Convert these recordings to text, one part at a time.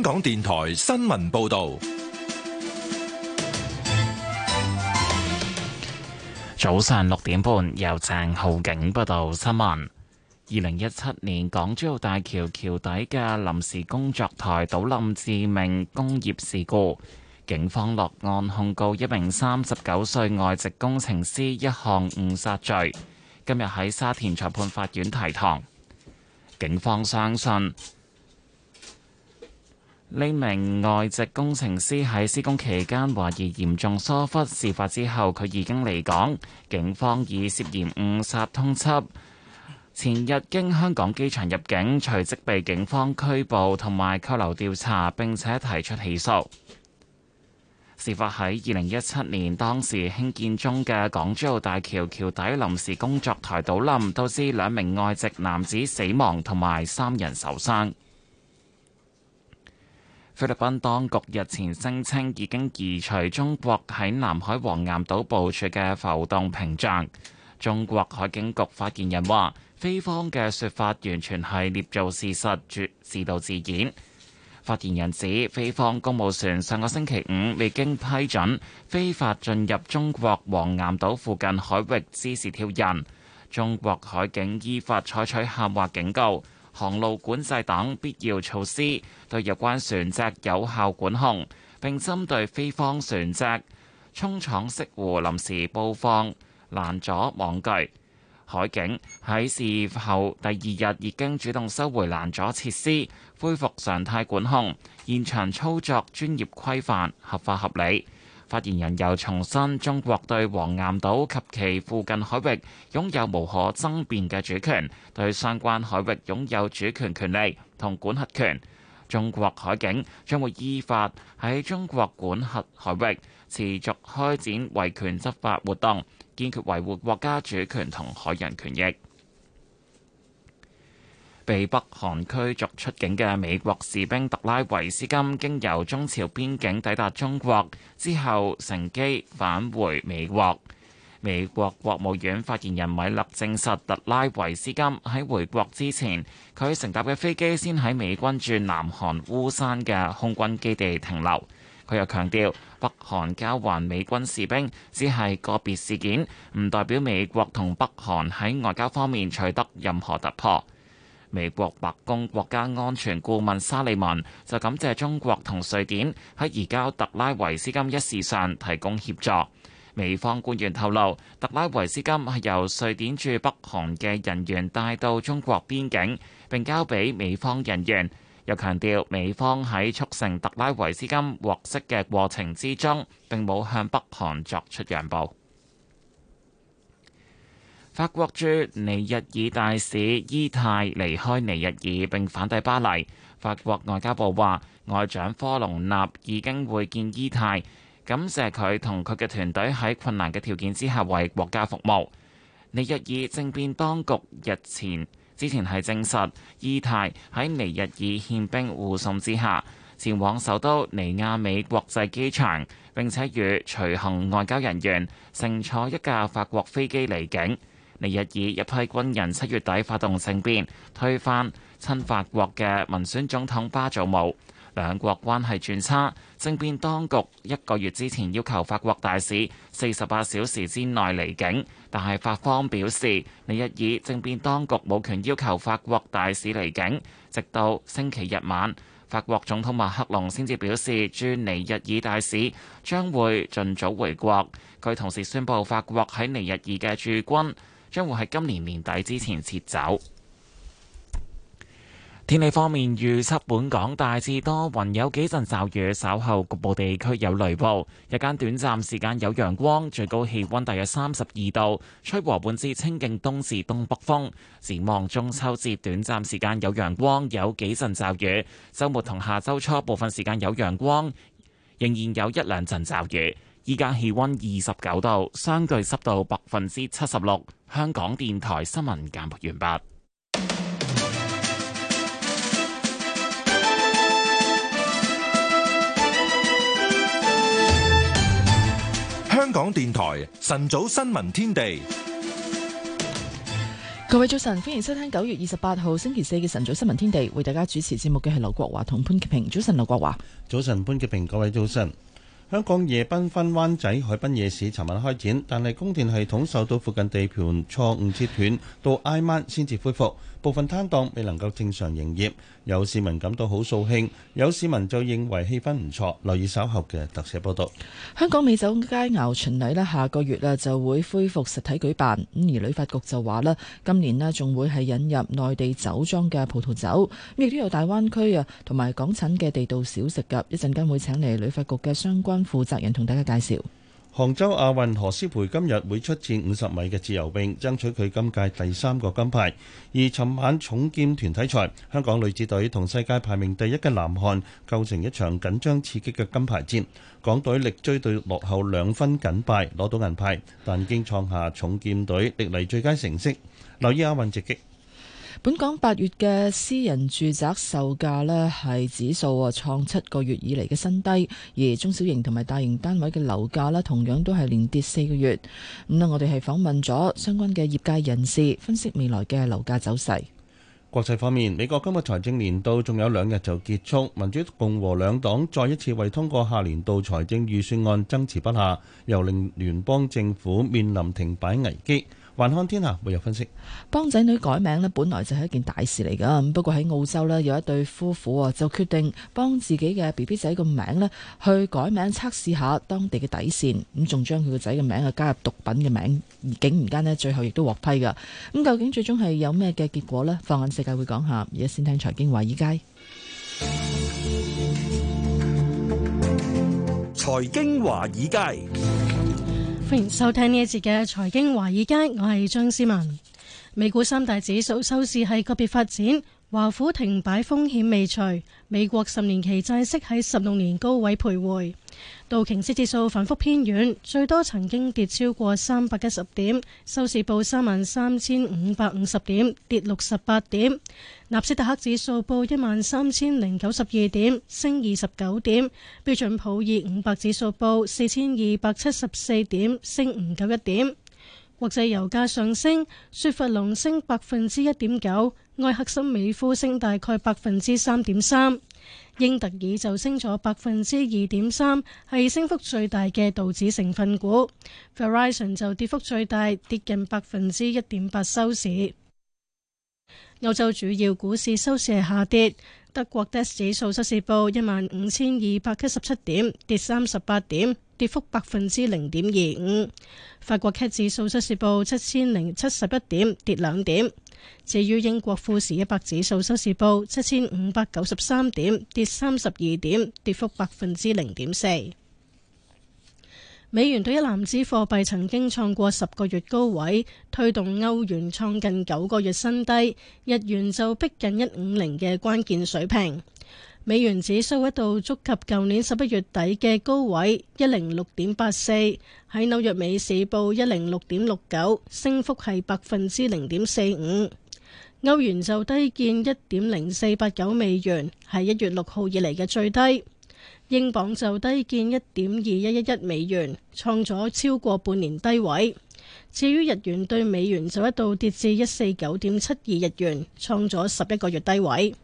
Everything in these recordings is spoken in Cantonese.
香港電台新聞報道，早上六點半，由鄭浩景報道新聞。二零一七年港珠澳大橋橋底嘅臨時工作台倒冧致命工業事故，警方落案控告一名三十九歲外籍工程師一項誤殺罪，今日喺沙田裁判法院提堂。警方相信。呢名外籍工程師喺施工期間懷疑嚴重疏忽，事發之後佢已經離港，警方以涉嫌誤殺通緝。前日經香港機場入境，隨即被警方拘捕同埋扣留調查，並且提出起訴。事發喺二零一七年，當時興建中嘅港珠澳大橋橋底臨時工作台倒冧，導致兩名外籍男子死亡同埋三人受傷。菲律賓當局日前聲稱已經移除中國喺南海黃岩島部署嘅浮動屏障。中國海警局發言人話：菲方嘅説法完全係捏造事實、絕自自導自演。發言人指，菲方公務船上個星期五未經批准非法進入中國黃岩島附近海域滋事挑釁，中國海警依法採取喊話警告航路管制等必要措施，對有關船隻有效管控，並針對菲方船隻衝闖色湖，臨時布放攔阻網具。海警喺事後第二日已經主動收回攔阻設施，恢復常態管控，現場操作專業規範，合法合理。發言人又重申，中國對黃岩島及其附近海域擁有無可爭辯嘅主權，對相關海域擁有主權權利同管轄權。中國海警將會依法喺中國管轄海域持續開展維權執法活動，堅決維護國家主權同海洋權益。被北韓驅逐出境嘅美國士兵特拉維斯金經由中朝邊境抵達中國，之後，乘機返回美國。美國國務院發言人米勒證實，特拉維斯金喺回國之前，佢乘搭嘅飛機先喺美軍駐南韓烏山嘅空軍基地停留。佢又強調，北韓交還美軍士兵只係個別事件，唔代表美國同北韓喺外交方面取得任何突破。美國白宮國家安全顧問沙利文就感謝中國同瑞典喺移交特拉維斯金一事上提供協助。美方官員透露，特拉維斯金係由瑞典駐北韓嘅人員帶到中國邊境，並交俾美方人員。又強調，美方喺促成特拉維斯金獲釋嘅過程之中，並冇向北韓作出讓步。法國駐尼日爾大使伊泰離開尼日爾並返抵巴黎。法國外交部話，外長科隆納已經會見伊泰，感謝佢同佢嘅團隊喺困難嘅條件之下為國家服務。尼日爾政變當局日前之前係證實，伊泰喺尼日爾憲兵護送之下前往首都尼亞美國際機場，並且與隨行外交人員乘坐一架法國飛機離境。尼日爾一批軍人七月底發動政變，推翻親法國嘅民選總統巴祖姆，兩國關係轉差。政變當局一個月之前要求法國大使四十八小時之內離境，但係法方表示尼日爾政變當局冇權要求法國大使離境。直到星期日晚，法國總統馬克龍先至表示，駐尼日爾大使將會盡早回國。佢同時宣布法國喺尼日爾嘅駐軍。將會喺今年年底之前撤走。天氣方面預測，本港大致多雲，有幾陣驟雨，稍後局部地區有雷暴，日間短暫時間有陽光，最高氣溫大約三十二度，吹和緩至清勁東至東北風。展望中秋節短暫時間有陽光，有幾陣驟雨。週末同下周初部分時間有陽光，仍然有一兩陣驟雨。依家氣溫二十九度，相對濕度百分之七十六。香港電台新聞簡報完畢。香港電台晨早新聞天地，各位早晨，歡迎收聽九月二十八號星期四嘅晨早新聞天地。為大家主持節目嘅係劉國華同潘潔平。早晨，劉國華。早晨，潘潔平。各位早晨。香港夜繽紛灣仔海濱夜市尋晚開展，但係供電系統受到附近地盤錯誤切斷，到挨晚先至恢復。部分攤檔未能夠正常營業，有市民感到好掃興，有市民就認為氣氛唔錯。留意稍後嘅特寫報道。香港美酒佳肴巡禮咧，下個月啊就會恢復實體舉辦。咁而旅發局就話咧，今年咧仲會係引入內地酒莊嘅葡萄酒，咁亦都有大灣區啊同埋港產嘅地道小食㗎。一陣間會請嚟旅發局嘅相關負責人同大家介紹。杭州亞運，何詩蓓今日會出戰五十米嘅自由泳，爭取佢今屆第三個金牌。而尋晚重劍團體賽，香港女子隊同世界排名第一嘅南韓構成一場緊張刺激嘅金牌戰。港隊力追對落後兩分僅敗，攞到銀牌，但經創下重劍隊歷嚟最佳成績。留意亞運直擊。本港八月嘅私人住宅售價呢，係指數啊，創七個月以嚟嘅新低，而中小型同埋大型單位嘅樓價咧，同樣都係連跌四個月。咁啊，我哋係訪問咗相關嘅業界人士，分析未來嘅樓價走勢。國際方面，美國今日財政年度仲有兩日就結束，民主共和兩黨再一次為通過下年度財政預算案爭持不下，又令聯邦政府面臨停擺危機。環漢天下會有分析。幫仔女改名呢，本來就係一件大事嚟噶。不過喺澳洲呢，有一對夫婦啊，就決定幫自己嘅 BB 仔個名呢去改名測試下當地嘅底線。咁仲將佢個仔嘅名啊加入毒品嘅名，而竟然間呢最後亦都獲批噶。咁究竟最終係有咩嘅結果呢？放眼世界會講下。而家先聽財經華爾街，財經華爾街。歡迎收聽呢一節嘅財經華爾街，我係張思文。美股三大指數收市係個別發展，華府停擺風險未除。美國十年期債息喺十六年高位徘徊，道瓊斯指數反覆偏軟，最多曾經跌超過三百一十點，收市報三萬三千五百五十點，跌六十八點。納斯達克指數報一萬三千零九十二點，升二十九點。標準普爾五百指數報四千二百七十四點，升五九一點。國際油價上升，雪佛龍升百分之一點九，愛克森美孚升大概百分之三點三，英特爾就升咗百分之二點三，係升幅最大嘅道指成分股。Verizon 就跌幅最大，跌近百分之一點八收市。歐洲主要股市收市下跌，德國 DAX 指數收市報一萬五千二百七十七點，跌三十八點，跌幅百分之零點二五。法國 CAC 指數收市報七千零七十一點，跌兩點。至於英國富時一百指數收市報七千五百九十三點，跌三十二點，跌幅百分之零點四。美元兌一籃子貨幣曾經創過十個月高位，推動歐元創近九個月新低，日元就逼近一五零嘅關鍵水平。美元指數一度觸及舊年十一月底嘅高位一零六點八四，喺紐約美市報一零六點六九，升幅係百分之零點四五。歐元就低見一點零四八九美元，係一月六號以嚟嘅最低。英鎊就低見一點二一一一美元，創咗超過半年低位。至於日元對美元就一度跌至一四九點七二日元，創咗十一個月低位。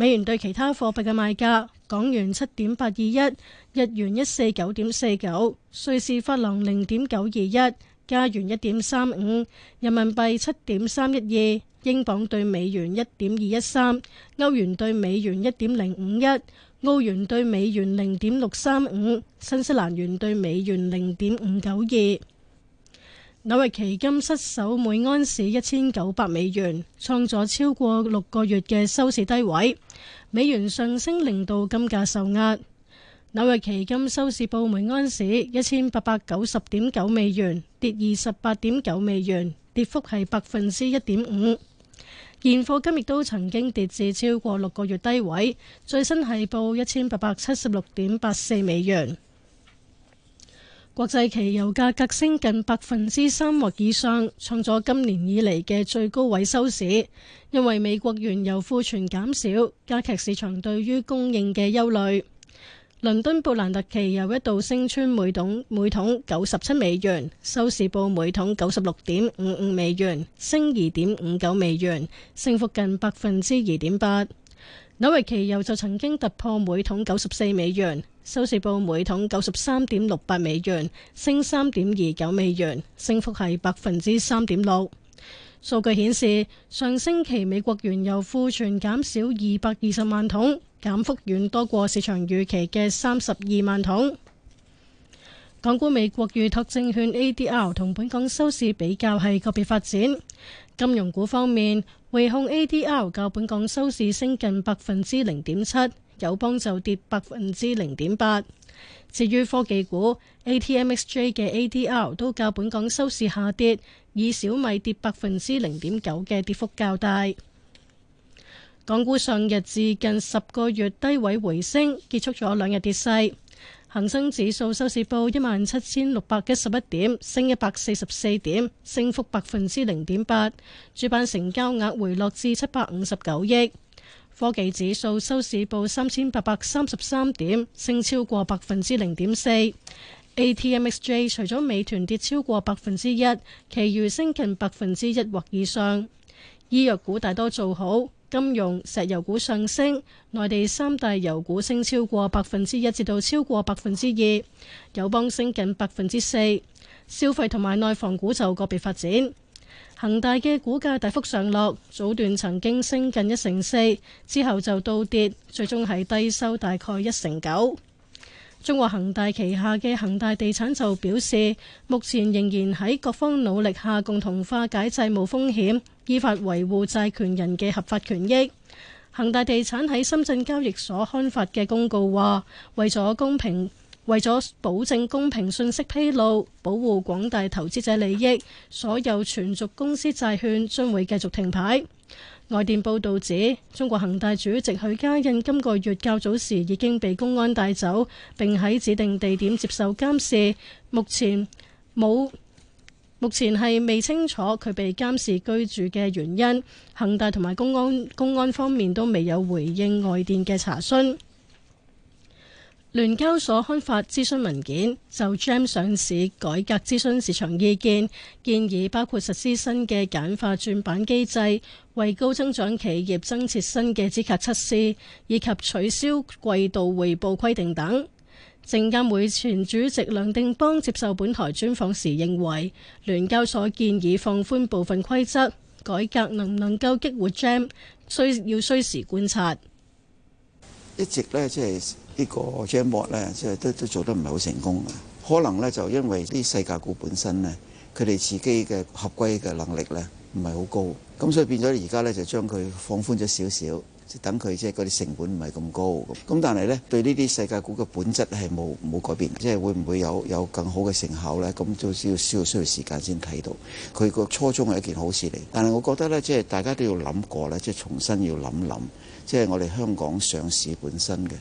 美元對其他貨幣嘅賣價：港元七點八二一，日元一四九點四九，瑞士法郎零點九二一，加元一點三五，人民幣七點三一二，英鎊對美元一點二一三，歐元對美元一點零五一，澳元對美元零點六三五，新西蘭元對美元零點五九二。紐約期金失守每安士一千九百美元，創咗超過六個月嘅收市低位。美元上升令到金價受壓。紐約期金收市報每安士一千八百九十點九美元，跌二十八點九美元，跌幅係百分之一點五。現貨金亦都曾經跌至超過六個月低位，最新係報一千八百七十六點八四美元。國際期油價格升近百分之三或以上，創咗今年以嚟嘅最高位收市。因為美國原油庫存減少，加劇市場對於供應嘅憂慮。倫敦布蘭特期油一度升穿每桶每桶九十七美元，收市報每桶九十六點五五美元，升二點五九美元，升幅近百分之二點八。紐約期油就曾經突破每桶九十四美元。收市報每桶九十三點六八美元，升三點二九美元，升幅係百分之三點六。數據顯示，上星期美國原油庫存減少二百二十萬桶，減幅遠多過市場預期嘅三十二萬桶。港股美國預托證券 ADR 同本港收市比較係個別發展。金融股方面，匯控 ADR 較本港收市升近百分之零點七。友邦就跌百分之零點八。至於科技股，ATMXJ 嘅 ADR 都較本港收市下跌，以小米跌百分之零點九嘅跌幅較大。港股上日至近十個月低位回升，結束咗兩日跌勢。恒生指數收市報一萬七千六百一十一點，升一百四十四點，升幅百分之零點八。主板成交額回落至七百五十九億。科技指數收市報三千八百三十三點，升超過百分之零點四。A T M X J 除咗美團跌超過百分之一，其餘升近百分之一或以上。醫藥股大多做好，金融、石油股上升，內地三大油股升超過百分之一，至到超過百分之二。友邦升近百分之四，消費同埋內房股就個別發展。恒大嘅股價大幅上落，早段曾經升近一成四，之後就倒跌，最終係低收大概一成九。中國恒大旗下嘅恒大地產就表示，目前仍然喺各方努力下共同化解債務風險，依法維護債權人嘅合法權益。恒大地產喺深圳交易所刊發嘅公告話，為咗公平。為咗保證公平信息披露，保護廣大投資者利益，所有存續公司債券將會繼續停牌。外電報導指，中國恒大主席許家印今個月較早時已經被公安帶走，並喺指定地點接受監視。目前冇，目前係未清楚佢被監視居住嘅原因。恒大同埋公安公安方面都未有回應外電嘅查詢。聯交所刊發諮詢文件，就 Gem 上市改革諮詢市場意見，建議包括實施新嘅簡化轉板機制，為高增長企業增設新嘅資格測試，以及取消季度匯報規定等。證監會前主席梁定邦接受本台專訪時認為，聯交所建議放寬部分規則改革，能唔能夠激活 Gem，需要需時觀察。一直呢，即係。呢個 Jamot 咧，即係都都做得唔係好成功嘅。可能咧就因為啲世界股本身咧，佢哋自己嘅合規嘅能力咧唔係好高，咁所以變咗而家咧就將佢放寬咗少少，即係等佢即係嗰啲成本唔係咁高。咁但係咧對呢啲世界股嘅本質係冇冇改變，即係會唔會有有更好嘅成效咧？咁都需要需要需要時間先睇到。佢個初衷係一件好事嚟。但係我覺得咧，即係大家都要諗過咧，即係重新要諗諗，即係我哋香港上市本身嘅。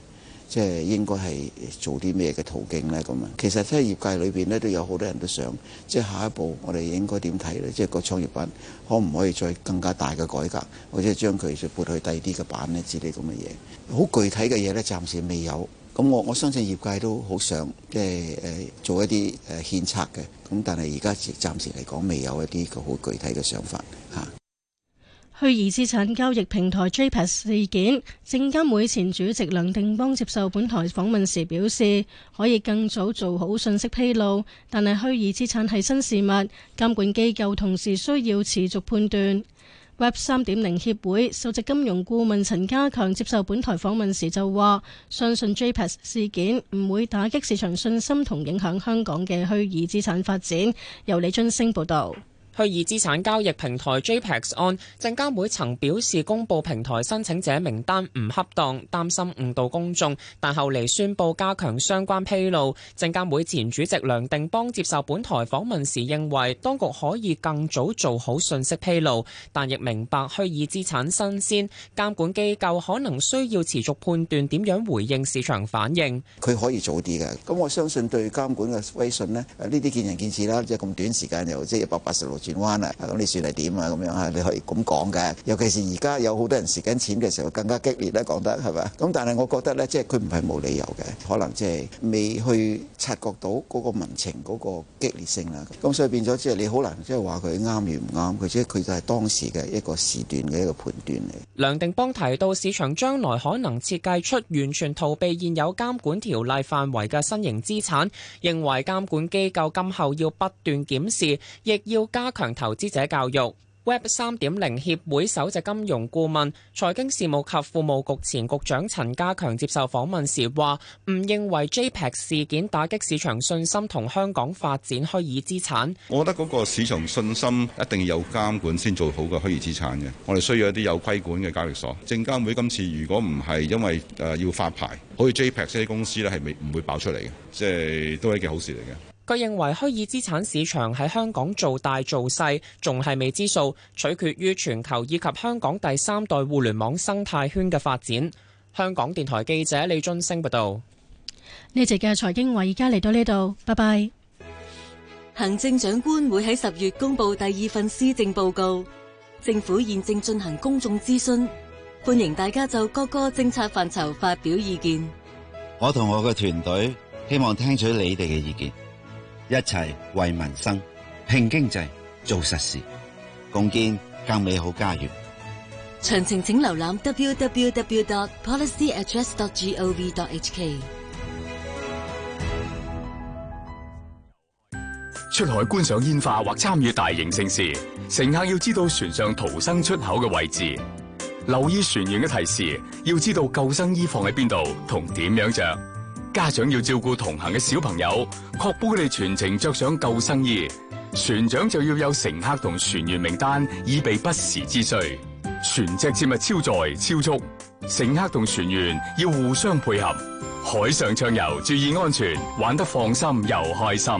即係應該係做啲咩嘅途徑呢？咁啊！其實喺業界裏邊呢都有好多人都想，即係下一步我哋應該點睇呢？即係個創業板可唔可以再更加大嘅改革，或者將佢撥去低啲嘅板呢？之類咁嘅嘢。好具體嘅嘢呢，暫時未有。咁我我相信業界都好想即係誒做一啲誒獻策嘅。咁但係而家暫時嚟講，未有一啲個好具體嘅想法嚇。虛擬資產交易平台 JPEX 事件，證監會前主席梁定邦接受本台訪問時表示，可以更早做好信息披露，但係虛擬資產係新事物，監管機構同時需要持續判斷。Web 3.0協會首席金融顧問陳家強接受本台訪問時就話，相信 JPEX 事件唔會打擊市場信心同影響香港嘅虛擬資產發展。由李津升報導。虛擬資產交易平台 JPEX 案，證監會曾表示公布平台申請者名單唔恰當，擔心誤導公眾，但後嚟宣布加強相關披露。證監會前主席梁定邦接受本台訪問時認為，當局可以更早做好信息披露，但亦明白虛擬資產新鮮，監管機構可能需要持續判斷點樣回應市場反應。佢可以早啲㗎，咁我相信對監管嘅威信呢，呢啲見仁見智啦，即係咁短時間又即係一百八十度轉彎啊！咁你算係點啊？咁樣啊，你可以咁講嘅。尤其是而家有好多人蝕緊錢嘅時候，更加激烈咧，講得係咪？咁但係我覺得咧，即係，佢唔係冇理由嘅，可能即係未去察覺到嗰個民情嗰個激烈性啦。咁所以變咗即係，你好難即係話，佢啱與唔啱。佢即係佢就係當時嘅一個時段嘅一個判斷嚟。梁定邦提到市場將來可能設計出完全逃避現有監管條例範圍嘅新型資產，認為監管機構今後要不斷檢視，亦要加。加強，投資者教育。Web 3.0協會首席金融顧問、財經事務及庫務局前局長陳家強接受訪問時話，唔認為 JPEX 事件打擊市場信心同香港發展虛擬資產。我覺得嗰個市場信心一定有監管先做好個虛擬資產嘅。我哋需要一啲有規管嘅交易所。證監會今次如果唔係因為誒要發牌，好似 JPEX 呢啲公司咧，係未唔會爆出嚟嘅？即係都係一件好事嚟嘅。佢認為虛擬資產市場喺香港做大做細，仲係未知數，取決於全球以及香港第三代互聯網生態圈嘅發展。香港電台記者李津升報道：「呢集嘅財經話，而家嚟到呢度，拜拜。行政長官會喺十月公布第二份施政報告，政府現正進行公眾諮詢，歡迎大家就各個政策範疇發表意見。我同我嘅團隊希望聽取你哋嘅意見。一齊為民生拼經濟做實事，共建更美好家園。詳情請瀏覽 www.policyaddress.gov.hk。出海觀賞煙花或參與大型盛事，乘客要知道船上逃生出口嘅位置，留意船員嘅提示，要知道救生衣放喺邊度同點樣着。家長要照顧同行嘅小朋友，確保佢哋全程着上救生衣。船長就要有乘客同船員名單，以備不時之需。船隻切勿超載、超速，乘客同船員要互相配合。海上暢游，注意安全，玩得放心又開心。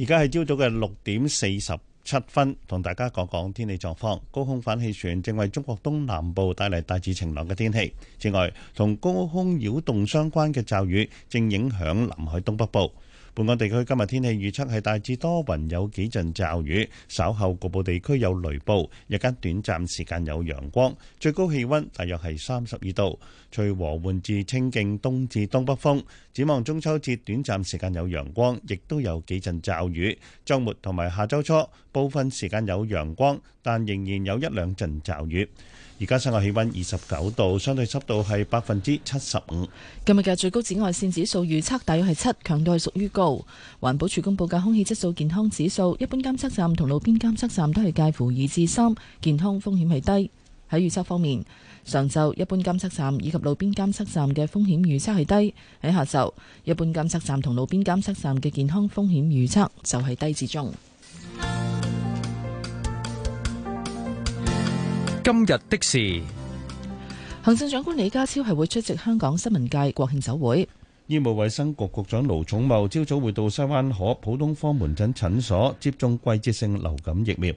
而家係朝早嘅六點四十七分同大家講講天氣狀況，高空反氣旋正為中國東南部帶嚟大致晴朗嘅天氣。此外，同高空擾動相關嘅驟雨正影響南海東北部。本港地區今日天，天氣預測係大致多雲，有幾陣驟雨，稍後局部地區有雷暴，日間短暫時間有陽光，最高氣温大約係三十二度，隨和緩至清勁，東至東北風。展望中秋節，短暫時間有陽光，亦都有幾陣驟雨。週末同埋下周初，部分時間有陽光，但仍然有一兩陣驟雨。而家室外氣溫二十九度，相對濕度係百分之七十五。今日嘅最高紫外線指數預測大約係七，強度係屬於高。環保署公布嘅空氣質素健康指數，一般監測站同路邊監測站都係介乎二至三，健康風險係低。喺預測方面，上晝一般監測站以及路邊監測站嘅風險預測係低，喺下晝，一般監測站同路邊監測站嘅健康風險預測就係低至中。今日的事，行政長官李家超係會出席香港新聞界國慶酒會。醫務衛生局局長盧寵茂朝早會到西灣河普通科門診診所接種季節性流感疫苗。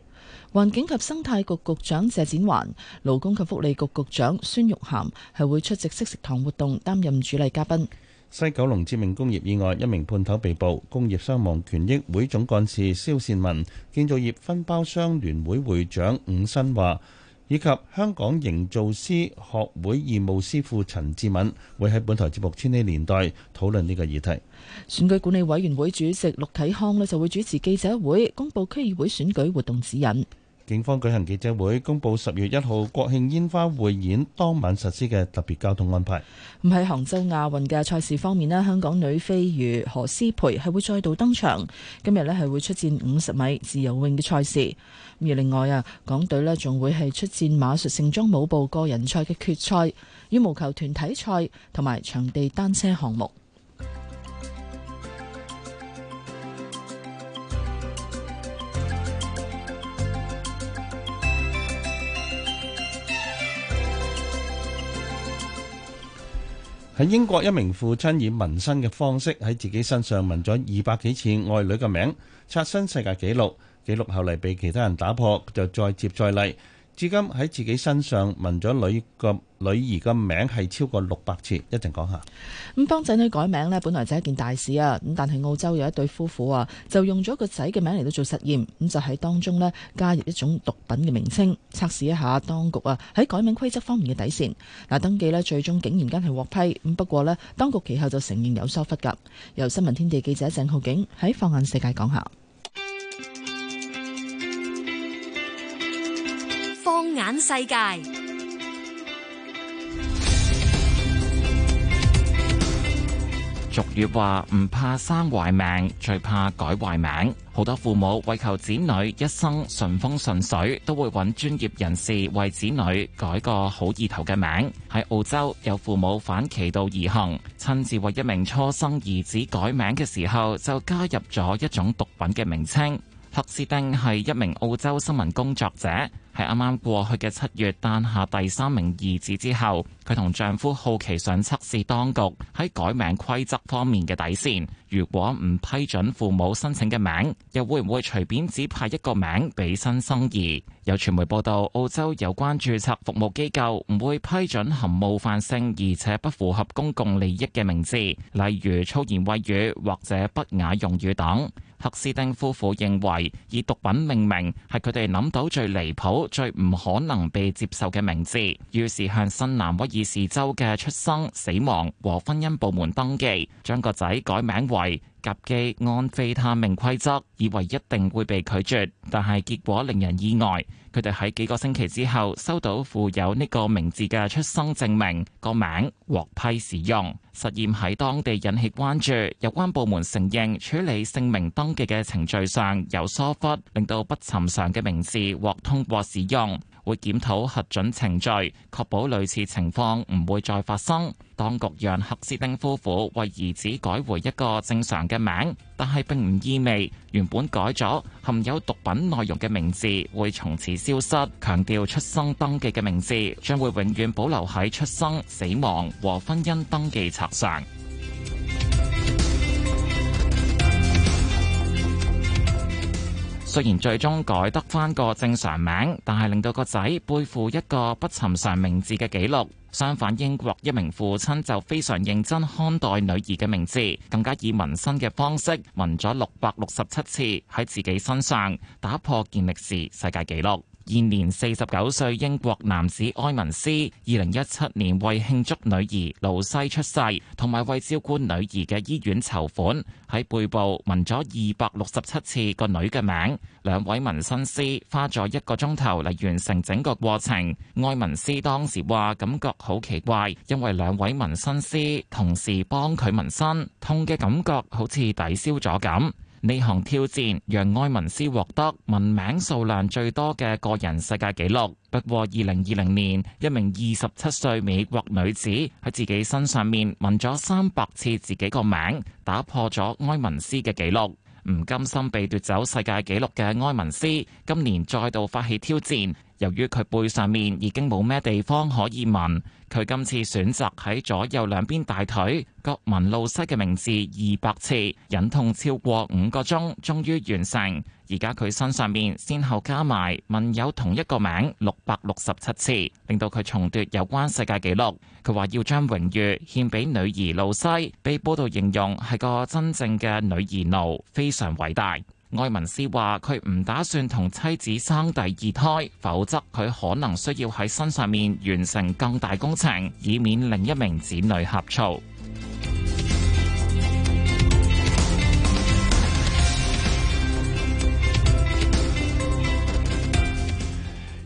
環境及生態局局長謝展環、勞工及福利局局長孫玉菡係會出席識食堂活動，擔任主禮嘉賓。西九龍知名工業意外，一名判頭被捕。工業傷亡權益會總幹事蕭善文、建造業分包商聯會會長伍新華，以及香港營造師學會義務師傅陳志敏會喺本台節目《千禧年代》討論呢個議題。選舉管理委員會主席陸啟康呢就會主持記者會，公布區議會選舉活動指引。警方舉行記者會，公布十月一號國慶煙花匯演當晚實施嘅特別交通安排。咁喺杭州亞運嘅賽事方面咧，香港女飛魚何詩蓓係會再度登場，今日咧係會出戰五十米自由泳嘅賽事。而另外啊，港隊咧仲會係出戰馬術盛裝舞步個人賽嘅決賽、羽毛球團體賽同埋場地單車項目。喺英國一名父親以紋身嘅方式喺自己身上紋咗二百幾次愛女嘅名，刷新世界紀錄。紀錄後嚟被其他人打破，就再接再厲。至今喺自己身上問咗女個女兒嘅名係超過六百次，一陣講下。咁幫仔女改名呢，本來就係一件大事啊。咁但係澳洲有一對夫婦啊，就用咗個仔嘅名嚟到做實驗，咁就喺當中呢，加入一種毒品嘅名稱，測試一下當局啊喺改名規則方面嘅底線。嗱，登記呢，最終竟然間係獲批。咁不過呢，當局其後就承認有疏忽㗎。由新聞天地記者鄭浩景喺放眼世界講下。玩世界。俗語話唔怕生壞命，最怕改壞名。好多父母為求子女一生順風順水，都會揾專業人士為子女改個好意頭嘅名。喺澳洲，有父母反其道而行，親自為一名初生兒子改名嘅時候，就加入咗一種毒品嘅名稱。赫斯丁係一名澳洲新聞工作者。喺啱啱過去嘅七月誕下第三名兒子之後，佢同丈夫好奇想測試當局喺改名規則方面嘅底線。如果唔批准父母申請嘅名，又會唔會隨便指派一個名俾新生兒？有傳媒報道，澳洲有關註冊服務機構唔會批准含冒犯性而且不符合公共利益嘅名字，例如粗言穢語或者不雅用語等。赫斯丁夫婦認為以毒品命名係佢哋諗到最離譜。最唔可能被接受嘅名字，於是向新南威爾士州嘅出生、死亡和婚姻部門登記，將個仔改名為甲基安非他命規則，以為一定會被拒絕，但係結果令人意外。佢哋喺幾個星期之後收到附有呢個名字嘅出生證明，個名獲批使用，實驗喺當地引起關注。有關部門承認處理姓名登記嘅程序上有疏忽，so、ft，令到不尋常嘅名字獲通過使用，會檢討核准程序，確保類似情況唔會再發生。當局讓赫斯丁夫婦為兒子改回一個正常嘅名，但係並唔意味原本改咗含有毒品內容嘅名字會從此消失。強調出生登記嘅名字將會永遠保留喺出生、死亡和婚姻登記冊上。雖然最終改得返個正常名，但係令到個仔背負一個不尋常名字嘅紀錄。相反，英國一名父親就非常認真看待女兒嘅名字，更加以紋身嘅方式紋咗六百六十七次喺自己身上，打破健力士世界紀錄。現年四十九歲英國男子埃文斯，二零一七年為慶祝女兒露西出世，同埋為照顧女兒嘅醫院籌款，喺背部紋咗二百六十七次個女嘅名。兩位紋身師花咗一個鐘頭嚟完成整個過程。埃文斯當時話感覺好奇怪，因為兩位紋身師同時幫佢紋身，痛嘅感覺好似抵消咗咁。呢項挑戰讓埃文斯獲得文名數量最多嘅個人世界紀錄。不過，二零二零年一名二十七歲美國女子喺自己身上面紋咗三百次自己個名，打破咗埃文斯嘅紀錄。唔甘心被奪走世界紀錄嘅埃文斯，今年再度發起挑戰。由於佢背上面已經冇咩地方可以紋，佢今次選擇喺左右兩邊大腿各紋露西嘅名字二百次，忍痛超過五個鐘，終於完成。而家佢身上面先後加埋問有同一個名六百六十七次，令到佢重奪有關世界紀錄。佢話要將榮譽獻俾女兒露西，被報道形容係個真正嘅女兒奴，非常偉大。愛文斯話佢唔打算同妻子生第二胎，否則佢可能需要喺身上面完成更大工程，以免另一名子女呷醋。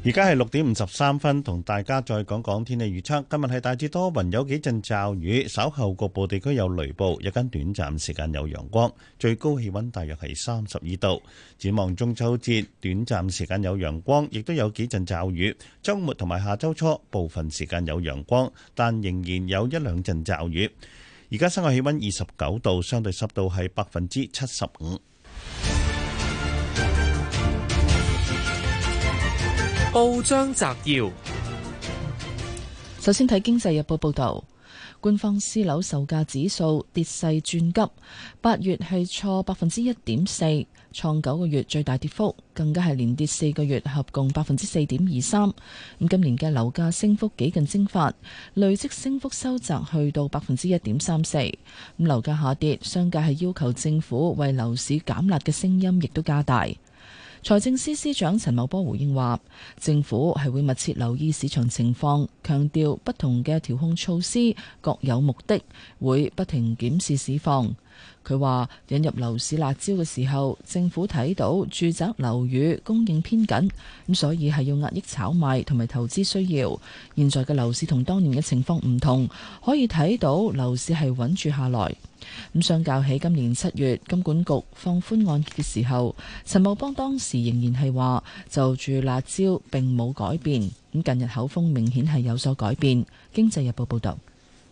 而家係六點五十三分，同大家再講講天氣預測。今日係大致多雲，有幾陣驟雨，稍後局部地區有雷暴，日間短暫時間有陽光，最高氣溫大約係三十二度。展望中秋節，短暫時間有陽光，亦都有幾陣驟雨。周末同埋下周初，部分時間有陽光，但仍然有一兩陣驟雨。而家室外氣溫二十九度，相對濕度係百分之七十五。報章摘要：首先睇《經濟日報》報道，官方私樓售價指數跌勢轉急，八月係挫百分之一點四，創九個月最大跌幅，更加係連跌四個月，合共百分之四點二三。咁今年嘅樓價升幅幾近蒸發，累積升幅收窄去到百分之一點三四。咁樓價下跌，商界係要求政府為樓市減辣嘅聲音亦都加大。財政司司長陳茂波回應話，政府係會密切留意市場情況，強調不同嘅調控措施各有目的，會不停檢視市況。佢話引入樓市辣招嘅時候，政府睇到住宅樓宇供應偏緊，咁所以係要壓抑炒賣同埋投資需要。現在嘅樓市同當年嘅情況唔同，可以睇到樓市係穩住下來。咁相較起今年七月金管局放寬按揭嘅時候，陳茂波當時仍然係話就住辣招並冇改變。咁近日口風明顯係有所改變。經濟日報報道。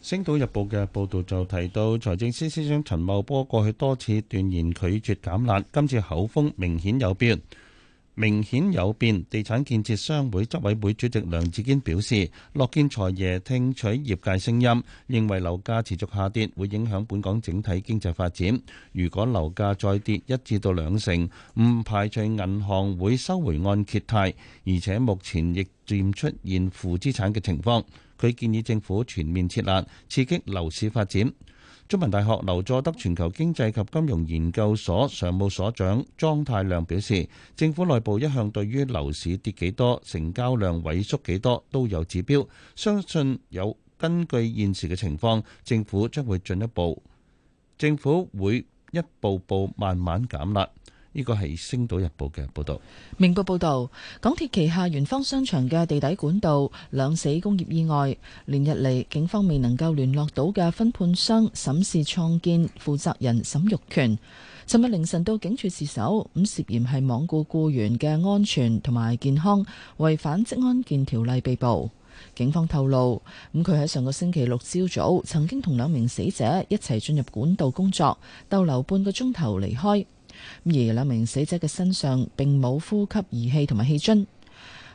《星島日報》嘅報導就提到，財政司司長陳茂波過去多次斷言拒絕減辣，今次口風明顯有變。明顯有變，地產建設商會執委會主席梁志堅表示，樂建財爺聽取業界聲音，認為樓價持續下跌會影響本港整體經濟發展。如果樓價再跌一至到兩成，唔排除銀行會收回按揭貸，而且目前亦漸出現負資產嘅情況。佢建議政府全面設立刺激樓市發展。中文大學劉佐德全球經濟及金融研究所常務所長莊太亮表示，政府內部一向對於樓市跌幾多、成交量萎縮幾多都有指標，相信有根據現時嘅情況，政府將會進一步，政府會一步步慢慢減辣。呢個係《星島日報》嘅報導。明報報導，港鐵旗下元芳商場嘅地底管道兩死工業意外，連日嚟警方未能夠聯絡到嘅分判商沈氏創建負責人沈玉權，尋日凌晨到警署自首，咁涉嫌係罔顧僱員嘅安全同埋健康，違反職安健條例被捕。警方透露，咁佢喺上個星期六朝早曾經同兩名死者一齊進入管道工作，逗留半個鐘頭離開。而兩名死者嘅身上並冇呼吸儀器同埋氣樽。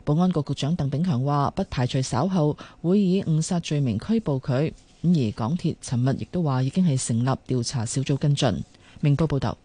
保安局局長鄧炳強話：不排除稍後會以誤殺罪名拘捕佢。而港鐵尋日亦都話已經係成立調查小組跟進。明報報道。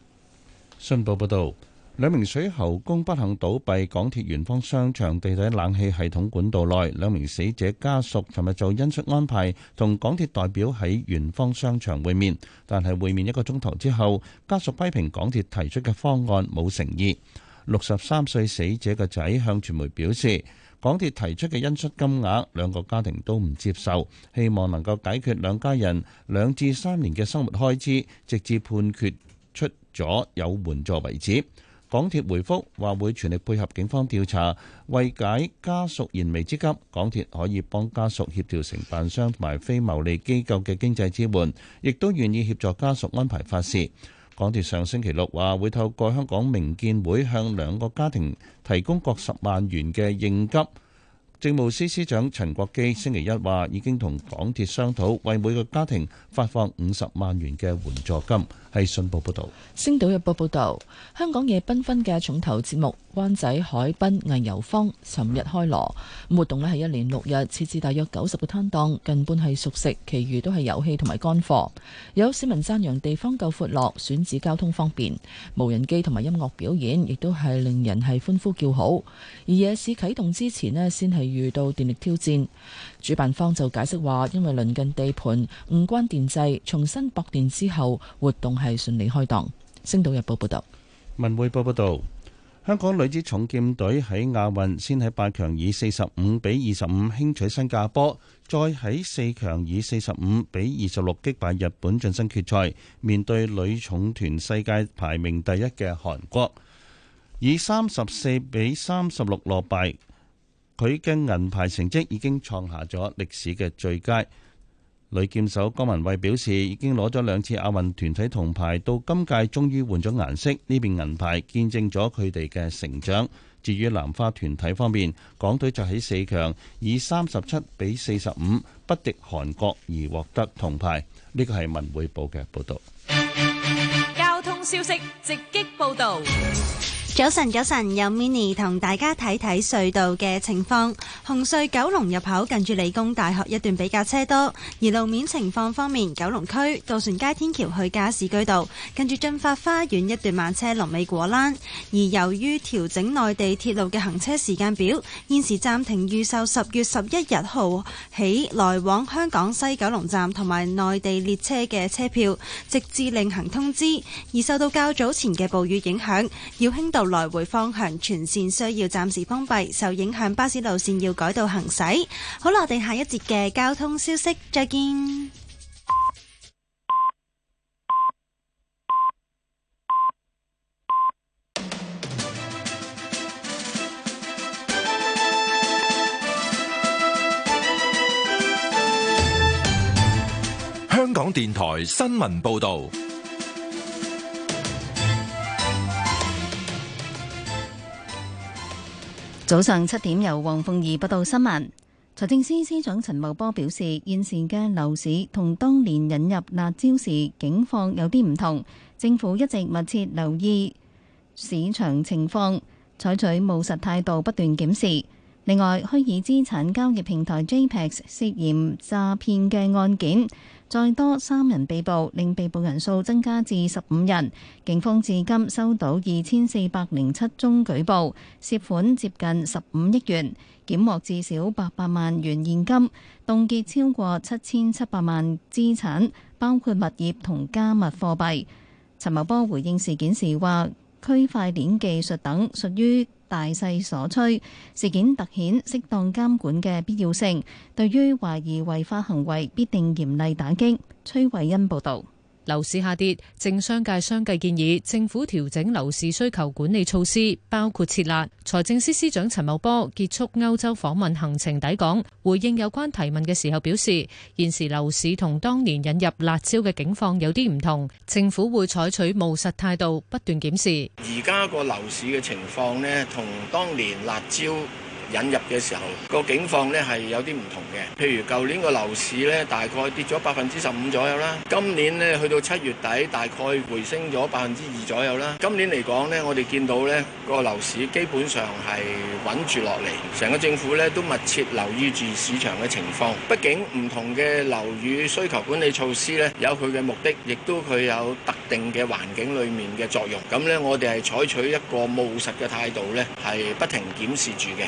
信報報道。兩名水喉工不幸倒閉，港鐵圓方商場地底冷氣系統管道內兩名死者家屬尋日就恩恤安排同港鐵代表喺圓方商場會面，但係會面一個鐘頭之後，家屬批評港鐵提出嘅方案冇誠意。六十三歲死者個仔向傳媒表示，港鐵提出嘅恩恤金額兩個家庭都唔接受，希望能夠解決兩家人兩至三年嘅生活開支，直至判決出咗有援助為止。港鐵回覆話會全力配合警方調查，為解家屬燃眉之急，港鐵可以幫家屬協調承辦商同埋非牟利機構嘅經濟支援，亦都願意協助家屬安排法事。港鐵上星期六話會透過香港明建會向兩個家庭提供各十萬元嘅應急。政務司司長陳國基星期一話已經同港鐵商討，為每個家庭發放五十萬元嘅援助金。係信報報道。《星島日報》報道，香港夜繽紛嘅重頭節目灣仔海濱藝遊坊，尋日開鑼。活動咧係一連六日，設置大約九十個攤檔，近半係熟食，其餘都係遊戲同埋乾貨。有市民讚揚地方夠闊落，選址交通方便。無人機同埋音樂表演，亦都係令人係歡呼叫好。而夜市啟動之前呢，先係遇到電力挑戰。主辦方就解釋話，因為鄰近地盤唔關電掣，重新駁電之後，活動。係順利開檔。星島日報報道，文匯報報道，香港女子重劍隊喺亞運先喺八強以四十五比二十五輕取新加坡，再喺四強以四十五比二十六擊敗日本，晉身決賽。面對女重團世界排名第一嘅韓國，以三十四比三十六落敗。佢嘅銀牌成績已經創下咗歷史嘅最佳。女劍手江旻憓表示，已經攞咗兩次亞運團體銅牌，到今屆終於換咗顏色，呢邊銀牌見證咗佢哋嘅成長。至於男花團體方面，港隊就喺四強以三十七比四十五不敵韓國而獲得銅牌。呢個係文匯報嘅報道。交通消息直擊報道。早晨，早晨，由 Mini 同大家睇睇隧道嘅情況。紅隧九龍入口近住理工大學一段比較車多，而路面情況方面，九龍區渡船街天橋去加士居道近住駿發花園一段慢車龍尾果欄。而由於調整內地鐵路嘅行車時間表，現時暫停預售十月十一日號起來往香港西九龍站同埋內地列車嘅車票，直至另行通知。而受到較早前嘅暴雨影響，耀興道，來回方向全線需要暫時封閉，受影響巴士路線要改道行駛。好啦，我哋下一節嘅交通消息，再見。香港電台新聞報道。早上七點，由黃鳳儀報道新聞。財政司司長陳茂波表示，現時嘅樓市同當年引入辣招時境況有啲唔同，政府一直密切留意市場情況，採取務實態度，不斷檢視。另外，虛擬資產交易平台 JPEX 涉嫌詐騙嘅案件。再多三人被捕，令被捕人數增加至十五人。警方至今收到二千四百零七宗舉報，涉款接近十五億元，檢獲至少八百萬元現金，凍結超過七千七百萬資產，包括物業同加密貨幣。陳茂波回應事件時話。區塊鏈技術等屬於大勢所趨，事件凸顯適當監管嘅必要性。對於懷疑違法行為，必定嚴厲打擊。崔慧恩報導。樓市下跌，政商界相繼建議政府調整樓市需求管理措施，包括設立。財政司司長陳茂波結束歐洲訪問行程抵港，回應有關提問嘅時候表示，現時樓市同當年引入辣招嘅境況有啲唔同，政府會採取務實態度，不斷檢視。而家個樓市嘅情況呢，同當年辣招。引入嘅時候，個境況呢係有啲唔同嘅。譬如舊年個樓市呢，大概跌咗百分之十五左右啦。今年呢去到七月底，大概回升咗百分之二左右啦。今年嚟講呢，我哋見到呢個樓市基本上係穩住落嚟。成個政府呢都密切留意住市場嘅情況。畢竟唔同嘅樓宇需求管理措施呢，有佢嘅目的，亦都佢有特定嘅環境裡面嘅作用。咁呢，我哋係採取一個務實嘅態度呢，係不停檢視住嘅。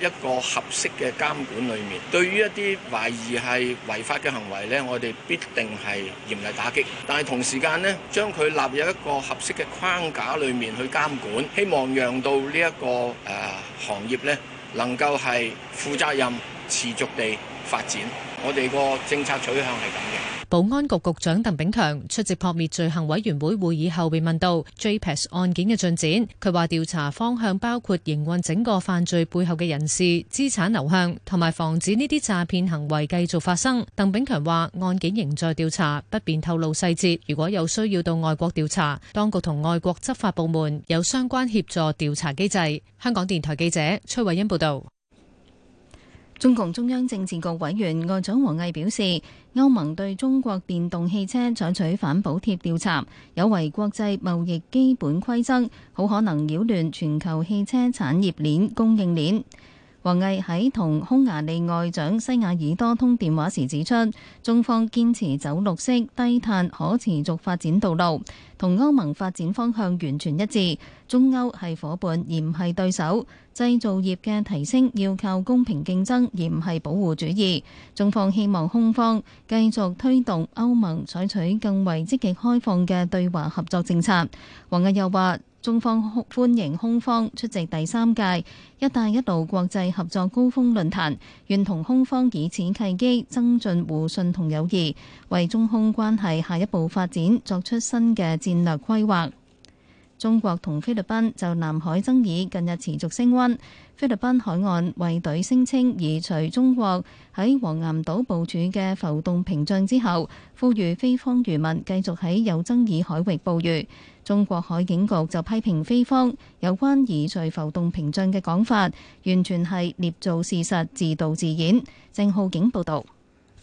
一個合適嘅監管裏面，對於一啲懷疑係違法嘅行為呢，我哋必定係嚴厲打擊。但係同時間呢，將佢納入一個合適嘅框架裏面去監管，希望讓到呢、這、一個誒、呃、行業呢能夠係負責任、持續地發展。我哋個政策取向係咁嘅。保安局局長鄧炳強出席撲滅罪行委員會會議後，被問到 JPAS 案件嘅進展，佢話調查方向包括營運整個犯罪背後嘅人士、資產流向，同埋防止呢啲詐騙行為繼續發生。鄧炳強話案件仍在調查，不便透露細節。如果有需要到外國調查，當局同外國執法部門有相關協助調查機制。香港電台記者崔慧恩報道。中共中央政治局委員外長王毅表示，歐盟對中國電動汽車採取反補貼調查，有違國際貿易基本規則，好可能擾亂全球汽車產業鏈供應鏈。王毅喺同匈牙利外長西雅爾多通電話時指出，中方堅持走綠色、低碳、可持續發展道路，同歐盟發展方向完全一致。中歐係夥伴而唔係對手，製造業嘅提升要靠公平競爭而唔係保護主義，中方希望匈方繼續推動歐盟採取更為積極開放嘅對華合作政策。王毅又話。中方歡迎空方出席第三屆「一帶一路」國際合作高峰論壇，願同空方以此契機增進互信同友誼，為中空關係下一步發展作出新嘅戰略規劃。中國同菲律賓就南海爭議近日持續升温，菲律賓海岸衛隊聲稱，移除中國喺黃岩島部署嘅浮動屏障之後，呼籲菲方漁民繼續喺有爭議海域捕魚。中國海警局就批評菲方有關移除浮動屏障嘅講法，完全係捏造事實，自，自導自演。鄭浩景報道。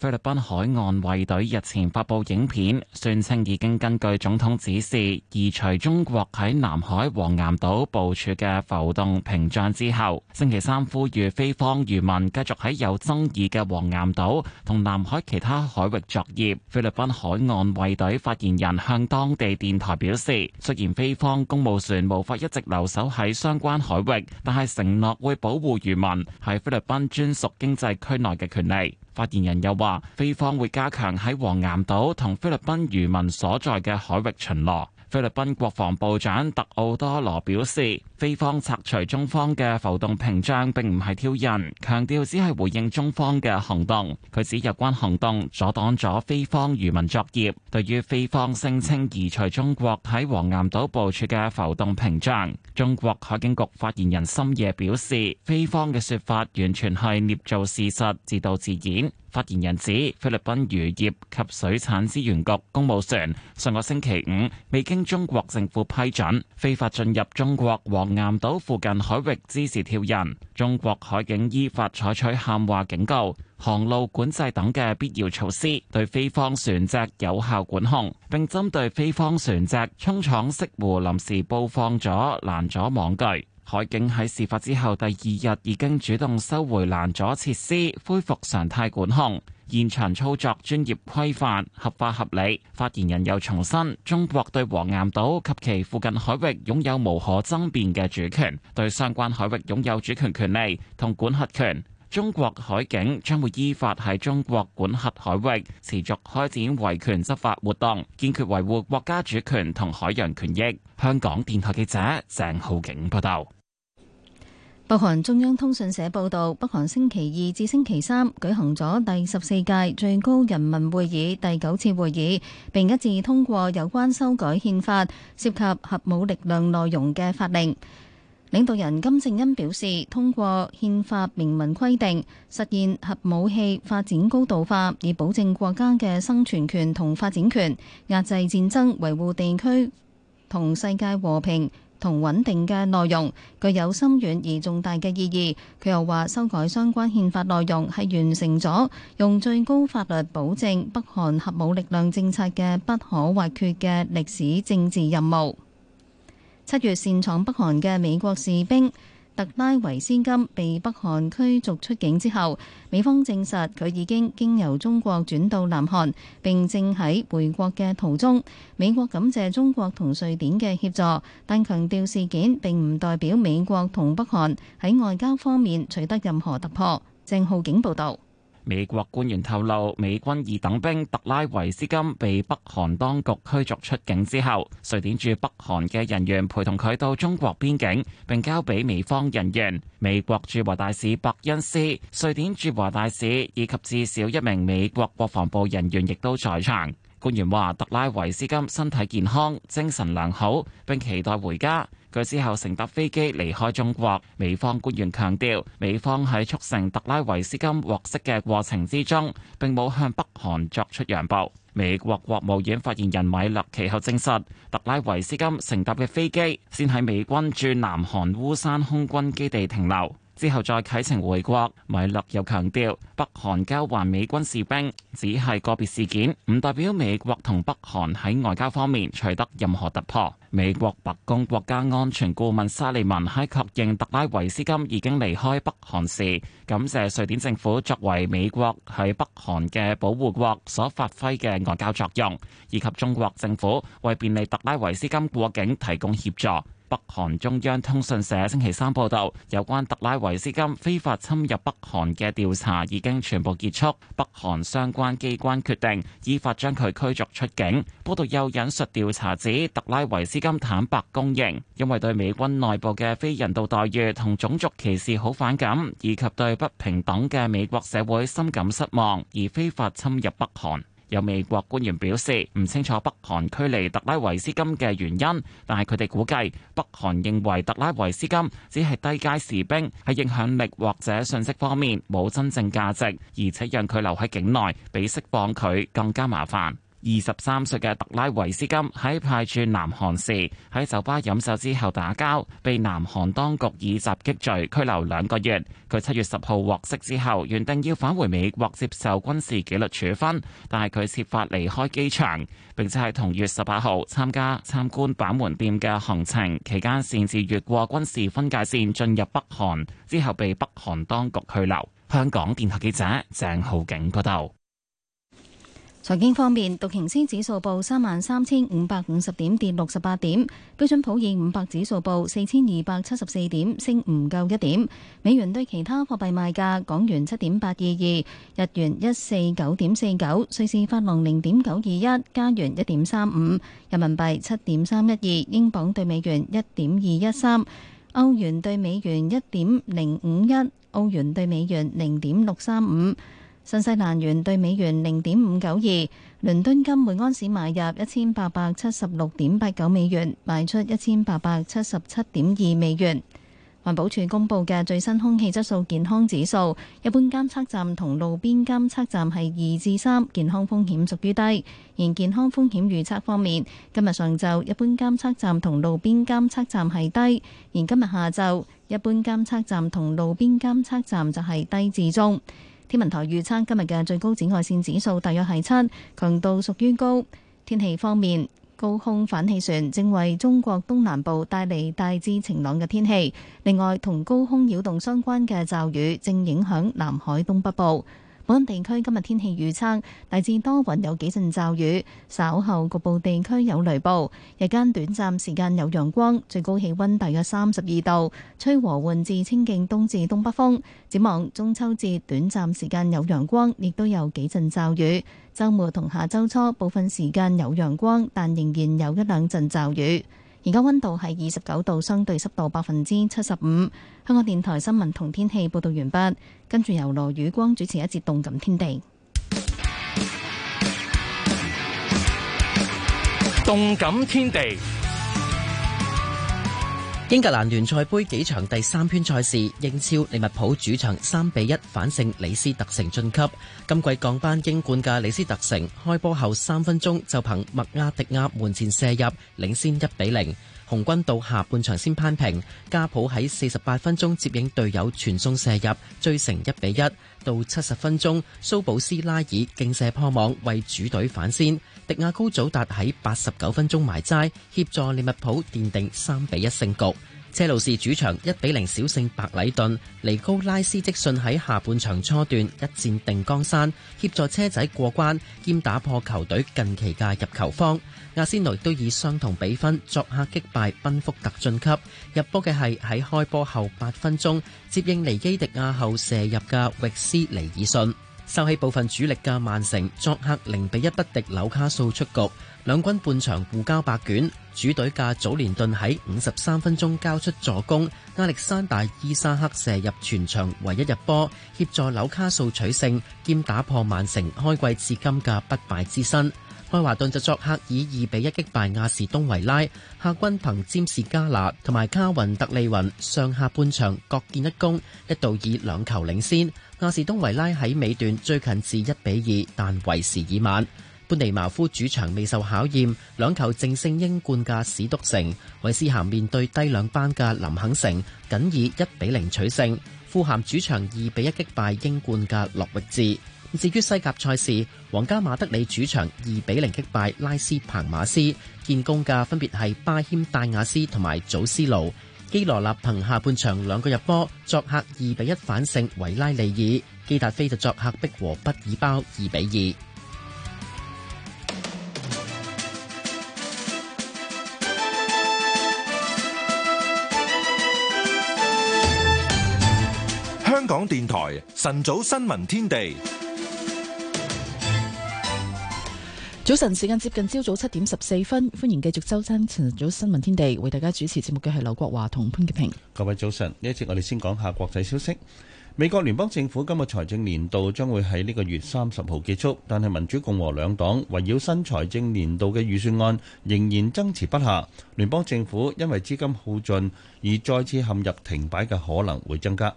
菲律賓海岸衛隊日前發布影片，宣稱已經根據總統指示移除中國喺南海黃岩島部署嘅浮動屏障之後，星期三呼籲菲方漁民繼續喺有爭議嘅黃岩島同南海其他海域作業。菲律賓海岸衛隊發言人向當地電台表示，雖然菲方公務船無法一直留守喺相關海域，但係承諾會保護漁民喺菲律賓專屬經濟區內嘅權利。發言人又話：菲方會加強喺黃岩島同菲律賓漁民所在嘅海域巡邏。菲律賓國防部長特奧多羅表示，菲方拆除中方嘅浮動屏障並唔係挑釁，強調只係回應中方嘅行動。佢指有關行動阻擋咗菲方漁民作業。對於菲方聲稱移除中國喺黃岩島部署嘅浮動屏障，中國海警局發言人深夜表示，菲方嘅說法完全係捏造事實、自導自演。發言人指，菲律賓漁業及水產資源局公務船上個星期五未經中國政府批准，非法進入中國黃岩島附近海域滋事挑釁。中國海警依法採取喊話警告、航路管制等嘅必要措施，對菲方船隻有效管控，並針對菲方船隻衝闖潟湖，臨時布放咗攔阻網具。海警喺事發之後第二日已經主動收回攔阻設施，恢復常態管控，現場操作專業規範、合法合理。發言人又重申，中國對黃岩島及其附近海域擁有無可爭辯嘅主權，對相關海域擁有主權權利同管轄權。中國海警將會依法喺中國管轄海域持續開展維權執法活動，堅決維護國家主權同海洋權益。香港電台記者鄭浩景報道。北韓中央通訊社報道，北韓星期二至星期三舉行咗第十四屆最高人民會議第九次會議，並一致通過有關修改憲法涉及核武力量內容嘅法令。領導人金正恩表示，通過憲法明文規定實現核武器發展高度化，以保證國家嘅生存權同發展權，壓制戰爭，維護地區同世界和平同穩定嘅內容，具有深遠而重大嘅意義。佢又話，修改相關憲法內容係完成咗用最高法律保證北韓核武力量政策嘅不可或缺嘅歷史政治任務。七月擅闖北韓嘅美國士兵特拉維斯金被北韓驅逐出境之後，美方證實佢已經經由中國轉到南韓，並正喺回國嘅途中。美國感謝中國同瑞典嘅協助，但強調事件並唔代表美國同北韓喺外交方面取得任何突破。鄭浩景報道。美國官員透露，美軍二等兵特拉維斯金被北韓當局驅逐出境之後，瑞典駐北韓嘅人員陪同佢到中國邊境並交俾美方人員。美國駐華大使伯恩斯、瑞典駐華大使以及至少一名美國國防部人員亦都在場。官員話：特拉維斯金身體健康，精神良好，並期待回家。佢之後乘搭飛機離開中國。美方官員強調，美方喺促成特拉維斯金獲釋嘅過程之中，並冇向北韓作出讓步。美國國務院發言人米勒其後證實，特拉維斯金乘搭嘅飛機先喺美軍駐南韓烏山空軍基地停留。之後再啟程回國。米勒又強調，北韓交還美軍士兵只係個別事件，唔代表美國同北韓喺外交方面取得任何突破。美國白宮國家安全顧問沙利文喺確認特拉維斯金已經離開北韓時，感謝瑞典政府作為美國喺北韓嘅保護國所發揮嘅外交作用，以及中國政府為便利特拉維斯金過境提供協助。北韓中央通訊社星期三報道，有關特拉維斯金非法侵入北韓嘅調查已經全部結束，北韓相關機關決定依法將佢驅逐出境。報道又引述調查指，特拉維斯金坦白供認，因為對美軍內部嘅非人道待遇同種族歧視好反感，以及對不平等嘅美國社會深感失望，而非法侵入北韓。有美國官員表示，唔清楚北韓驅離特拉維斯金嘅原因，但係佢哋估計，北韓認為特拉維斯金只係低階士兵，喺影響力或者信息方面冇真正價值，而且讓佢留喺境內，比釋放佢更加麻煩。二十三歲嘅特拉維斯金喺派駐南韓時，喺酒吧飲酒之後打交，被南韓當局以襲擊罪拘留兩個月。佢七月十號獲釋之後，原定要返回美國接受軍事紀律處分，但係佢設法離開機場，並且係同月十八號參加參觀板門店嘅行程期間擅自越過軍事分界線進入北韓，之後被北韓當局拘留。香港電台記者鄭浩景報道。財經方面，道瓊斯指數報三萬三千五百五十點，跌六十八點；標準普爾五百指數報四千二百七十四點，升唔夠一點。美元對其他貨幣賣價，港元七點八二二，日元一四九點四九，瑞士法郎零點九二一，加元一點三五，人民幣七點三一二，英鎊對美元一點二一三，歐元對美元一點零五一，澳元對美元零點六三五。新西蘭元對美元零點五九二，倫敦金每安士買入一千八百七十六點八九美元，賣出一千八百七十七點二美元。環保署公布嘅最新空氣質素健康指數，一般監測站同路邊監測站係二至三，健康風險屬於低。而健康風險預測方面，今日上晝一般監測站同路邊監測站係低，而今日下晝一般監測站同路邊監測站就係低至中。天文台預測今日嘅最高紫外線指數大約係七，強度屬於高。天氣方面，高空反氣旋正為中國東南部帶嚟大致晴朗嘅天氣。另外，同高空擾動相關嘅驟雨正影響南海東北部。本地區今日天氣預測，大致多雲，有幾陣驟雨，稍後局部地區有雷暴。日間短暫時間有陽光，最高氣温大約三十二度，吹和緩至清勁東至東北風。展望中秋節短暫時間有陽光，亦都有幾陣驟雨。週末同下周初部分時間有陽光，但仍然有一兩陣驟雨。而家溫度係二十九度，相對濕度百分之七十五。香港電台新聞同天氣報道完畢。跟住由羅宇光主持一節《動感天地》。《動感天地》。英格蘭聯賽盃幾場第三圈賽事，英超利物浦主場三比一反勝李斯特城晉級。今季降班英冠嘅李斯特城，開波後三分鐘就憑麥亞迪亞門前射入領先一比零，紅軍到下半場先攀平。加普喺四十八分鐘接應隊友傳送射入，追成一比一。到七十分鐘，蘇保斯拉爾勁射破網為主隊反先。迪亞高祖達喺八十九分鐘埋齋，協助利物浦奠定三比一勝局。車路士主場一比零小勝白禮頓，尼高拉斯積臣喺下半場初段一戰定江山，協助車仔過關兼打破球隊近期嘅入球荒。阿仙奴都以相同比分作客擊敗賓福特晉級，入波嘅係喺開波後八分鐘接應尼基迪亞後射入嘅域斯尼爾遜。收起部分主力嘅曼城，作客零比一不敵紐卡素出局。兩軍半場互交白卷，主隊嘅祖連頓喺五十三分鐘交出助攻，亞歷山大伊沙克射入全場唯一入波，協助紐卡素取勝兼打破曼城開季至今嘅不敗之身。愛華頓就作客以二比一擊敗亞士東維拉，客軍憑佔士加拿同埋卡雲特利雲上下半場各建一功，一度以兩球領先。亞士東維拉喺尾段最近至一比二，但為時已晚。本尼茅夫主場未受考驗，兩球淨勝英冠嘅史篤城。韋斯咸面對低兩班嘅林肯城，僅以一比零取勝。富咸主場二比一擊敗英冠嘅諾域治。至於西甲賽事，皇家馬德里主場二比零擊敗拉斯彭馬斯，建功嘅分別係巴謙、大雅斯同埋祖斯路。基羅納憑下半場兩個入波，作客二比一反勝維拉利爾。基達菲就作客逼和畢爾包二比二。香港電台晨早新聞天地。早晨，時間接近朝早七點十四分，歡迎繼續收聽晨、晨早新聞天地。為大家主持節目嘅係劉國華同潘潔平。各位早晨，呢一節我哋先講下國際消息。美國聯邦政府今日財政年度將會喺呢個月三十號結束，但係民主共和兩黨圍繞新財政年度嘅預算案仍然爭持不下。聯邦政府因為資金耗盡。而再次陷入停擺嘅可能會增加。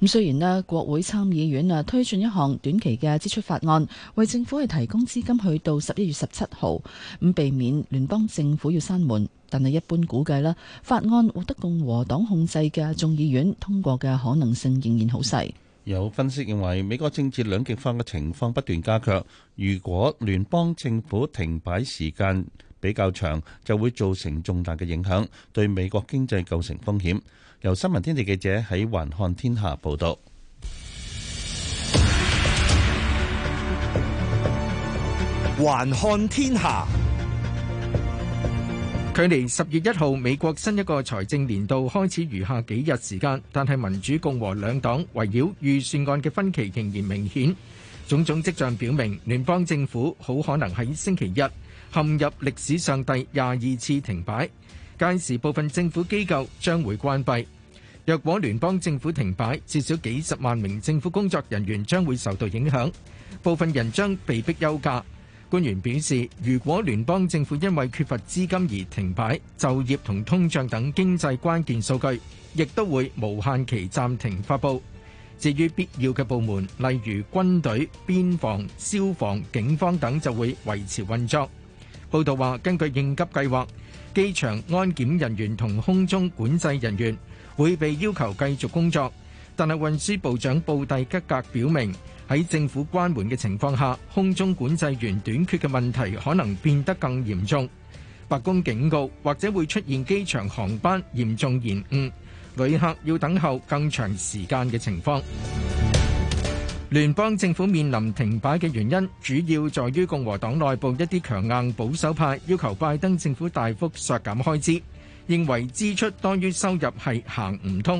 咁雖然咧，國會參議院啊，推進一項短期嘅支出法案，為政府係，提供資金去到十一月十七號，咁避免聯邦政府要閂門，但係一般估計咧，法案獲得共和黨控制嘅眾議院通過嘅可能性仍然好細。有分析認為美國政治兩極化嘅情況不斷加強，如果聯邦政府停擺時間，比較長就會造成重大嘅影響，對美國經濟構成風險。由新聞天地記者喺《環看天下》報道，《環看天下》距離十月一號，美國新一個財政年度開始，餘下幾日時間，但係民主共和兩黨圍繞預算案嘅分歧仍然明顯，種種跡象表明，聯邦政府好可能喺星期一。陷入歷史上第廿二次停擺，屆時部分政府機構將會關閉。若果聯邦政府停擺，至少幾十萬名政府工作人員將會受到影響，部分人將被迫休假。官員表示，如果聯邦政府因為缺乏資金而停擺，就業同通脹等經濟關鍵數據亦都會無限期暫停發佈。至於必要嘅部門，例如軍隊、邊防、消防、警方等，就會維持運作。報道話，根據應急計劃，機場安檢人員同空中管制人員會被要求繼續工作，但係運輸部長布蒂吉格表明，喺政府關門嘅情況下，空中管制員短缺嘅問題可能變得更嚴重。白宮警告，或者會出現機場航班嚴重延誤，旅客要等候更長時間嘅情況。聯邦政府面臨停擺嘅原因，主要在於共和黨內部一啲強硬保守派要求拜登政府大幅削減開支，認為支出多於收入係行唔通。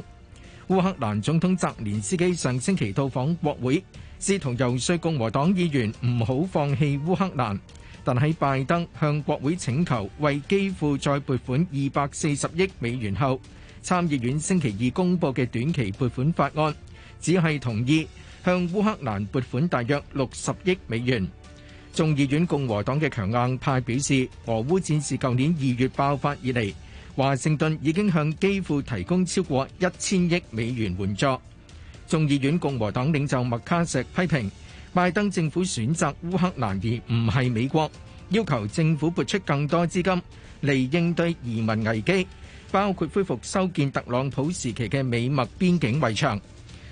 烏克蘭總統澤連斯基上星期到訪國會，試圖遊說共和黨議員唔好放棄烏克蘭，但喺拜登向國會請求為基輔再撥款二百四十億美元後，參議院星期二公佈嘅短期撥款法案只係同意。向烏克蘭撥款大約六十億美元。眾議院共和黨嘅強硬派表示，俄烏戰事舊年二月爆發以嚟，華盛頓已經向基輔提供超過一千億美元援助。眾議院共和黨領袖麥卡錫批評拜登政府選擇烏克蘭而唔係美國，要求政府撥出更多資金嚟應對移民危機，包括恢復修建特朗普時期嘅美墨邊境圍牆。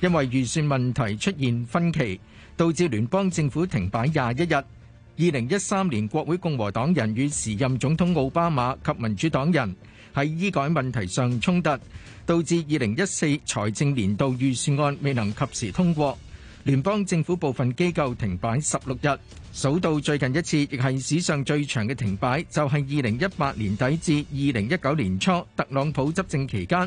因為預算問題出現分歧，導致聯邦政府停擺廿一日。二零一三年國會共和黨人與時任總統奧巴馬及民主黨人喺醫改問題上衝突，導致二零一四財政年度預算案未能及時通過，聯邦政府部分機構停擺十六日。數到最近一次，亦係史上最長嘅停擺，就係二零一八年底至二零一九年初特朗普執政期間。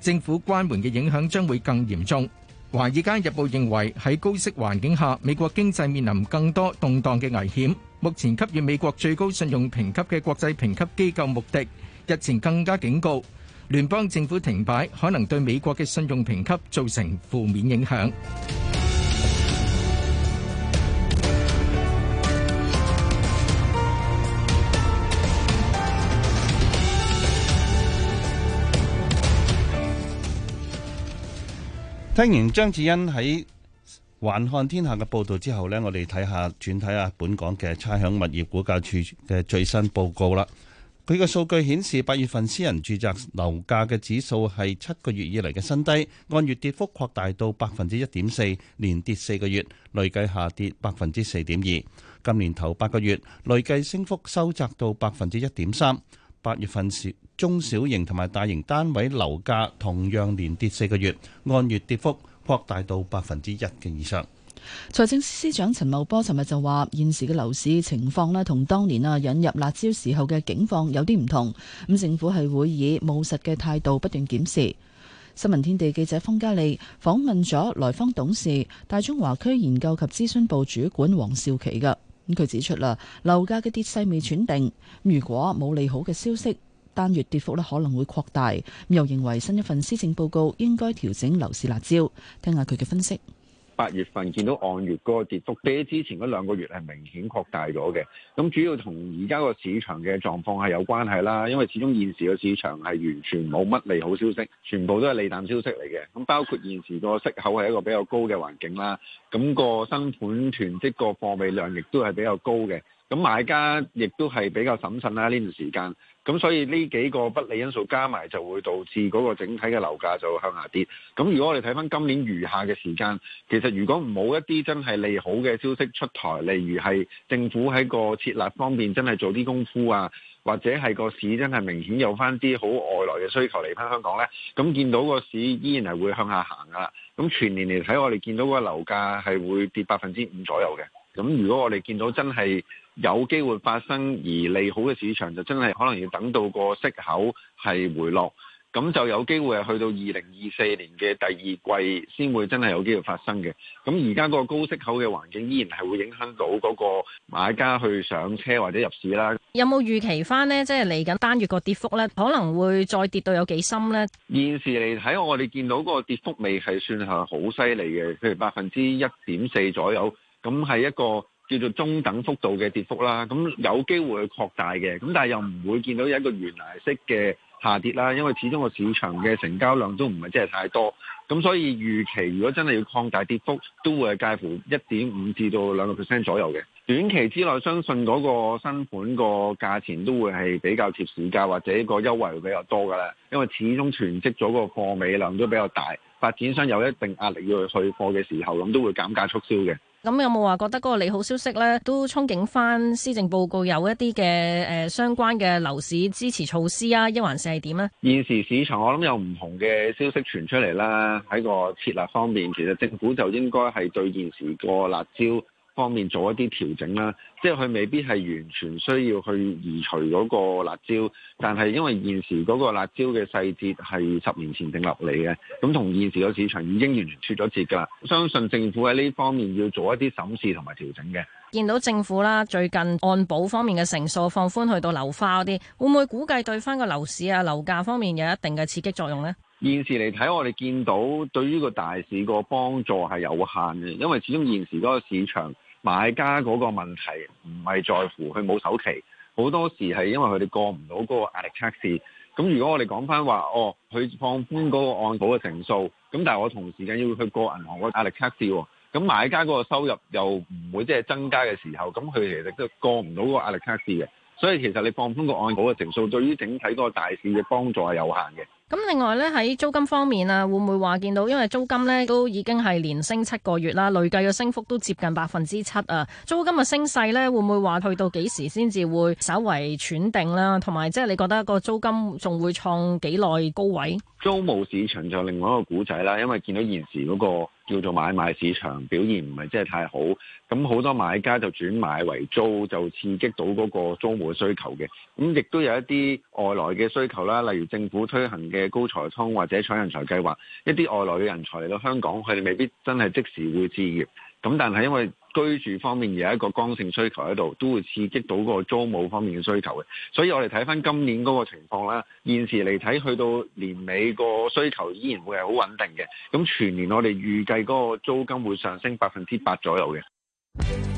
政府關門嘅影響將會更嚴重。華爾街日報認為，喺高息環境下，美國經濟面臨更多動盪嘅危險。目前給予美國最高信用評級嘅國際評級機構穆迪，日前更加警告，聯邦政府停擺，可能對美國嘅信用評級造成負面影響。聽完張智欣喺《環看天下》嘅報道之後，呢我哋睇下轉睇下本港嘅差響物業估價處嘅最新報告啦。佢嘅數據顯示，八月份私人住宅樓價嘅指數係七個月以嚟嘅新低，按月跌幅擴大到百分之一點四，連跌四個月，累計下跌百分之四點二。今年頭八個月，累計升幅收窄到百分之一點三。八月份時，中小型同埋大型單位樓價同樣連跌四個月，按月跌幅擴大到百分之一嘅以上。財政司司長陳茂波尋日就話：現時嘅樓市情況呢，同當年啊引入辣招時候嘅境況有啲唔同。咁政府係會以務實嘅態度不斷檢視。新聞天地記者方嘉利訪問咗來方董事大中華區研究及諮詢部主，主管黃少琪嘅。佢指出啦，樓價嘅跌勢未轉定，如果冇利好嘅消息，單月跌幅咧可能會擴大。又認為新一份施政報告應該調整樓市辣招，聽下佢嘅分析。八月份見到按月嗰個跌幅，比之前嗰兩個月係明顯擴大咗嘅。咁主要同而家個市場嘅狀況係有關係啦。因為始終現時個市場係完全冇乜利好消息，全部都係利淡消息嚟嘅。咁包括現時個息口係一個比較高嘅環境啦。咁、嗰個新盤囤積個貨尾量亦都係比較高嘅。咁買家亦都係比較審慎啦呢段時間。咁所以呢幾個不利因素加埋就會導致嗰個整體嘅樓價就會向下跌。咁如果我哋睇翻今年餘下嘅時間，其實如果冇一啲真係利好嘅消息出台，例如係政府喺個設立方面真係做啲功夫啊，或者係個市真係明顯有翻啲好外來嘅需求嚟翻香港咧，咁見到個市依然係會向下行噶啦。咁全年嚟睇，我哋見到個樓價係會跌百分之五左右嘅。咁如果我哋見到真係。有機會發生而利好嘅市場，就真係可能要等到個息口係回落，咁就有機會係去到二零二四年嘅第二季先會真係有機會發生嘅。咁而家個高息口嘅環境依然係會影響到嗰個買家去上車或者入市啦。有冇預期翻呢？即係嚟緊單月個跌幅呢，可能會再跌到有幾深呢？現時嚟睇，我哋見到嗰個跌幅未係算係好犀利嘅，譬如百分之一點四左右，咁係一個。叫做中等幅度嘅跌幅啦，咁有機會去擴大嘅，咁但係又唔會見到有一個懸崖式嘅下跌啦，因為始終個市場嘅成交量都唔係真係太多，咁所以預期如果真係要擴大跌幅，都會係介乎一點五至到兩個 percent 左右嘅。短期之內，相信嗰個新盤個價錢都會係比較貼市價，或者個優惠會比較多㗎啦，因為始終囤積咗個貨尾量都比較大，發展商有一定壓力要去去貨嘅時候，咁都會減價促銷嘅。咁有冇話覺得嗰個利好消息咧，都憧憬翻施政報告有一啲嘅，誒相關嘅樓市支持措施啊？一還是係點咧？現時市場我諗有唔同嘅消息傳出嚟啦，喺個設立方面，其實政府就應該係對現時個辣招方面做一啲調整啦，即係佢未必係完全需要去移除嗰個辣椒，但係因為現時嗰個辣椒嘅細節係十年前定落嚟嘅，咁同現時個市場已經完全脱咗節噶啦。相信政府喺呢方面要做一啲審視同埋調整嘅。見到政府啦，最近按保方面嘅成數放寬去到樓花嗰啲，會唔會估計對翻個樓市啊樓價方面有一定嘅刺激作用咧？現時嚟睇，我哋見到對於個大市個幫助係有限嘅，因為始終現時嗰個市場。買家嗰個問題唔係在乎佢冇首期，好多時係因為佢哋過唔到嗰個壓力測試。咁如果我哋講翻話哦，佢放寬嗰個按保嘅成數，咁但係我同時間要去過銀行嗰個壓力測試喎。咁買家嗰個收入又唔會即係增加嘅時候，咁佢其實都過唔到個壓力測試嘅。所以其實你放寬個按保嘅成數，對於整體嗰個大市嘅幫助係有限嘅。咁另外咧，喺租金方面啊，會唔會話見到因為租金咧，都已經係連升七個月啦，累計嘅升幅，都接近百分之七啊。租金嘅升勢咧，會唔會話去到幾時先至會稍為喘定啦？同埋即係你覺得個租金仲會創幾耐高位？租務市場就另外一個故仔啦，因為見到現時嗰個叫做買賣市場表現唔係真係太好，咁好多買家就轉買為租，就刺激到嗰個租戶嘅需求嘅。咁亦都有一啲外來嘅需求啦，例如政府推行嘅高才通或者搶人才計劃，一啲外來嘅人才嚟到香港，佢哋未必真係即時會置業。咁但係因為居住方面有一個剛性需求喺度，都會刺激到個租務方面嘅需求嘅，所以我哋睇翻今年嗰個情況啦，現時嚟睇去到年尾個需求依然會係好穩定嘅，咁全年我哋預計嗰個租金會上升百分之八左右嘅。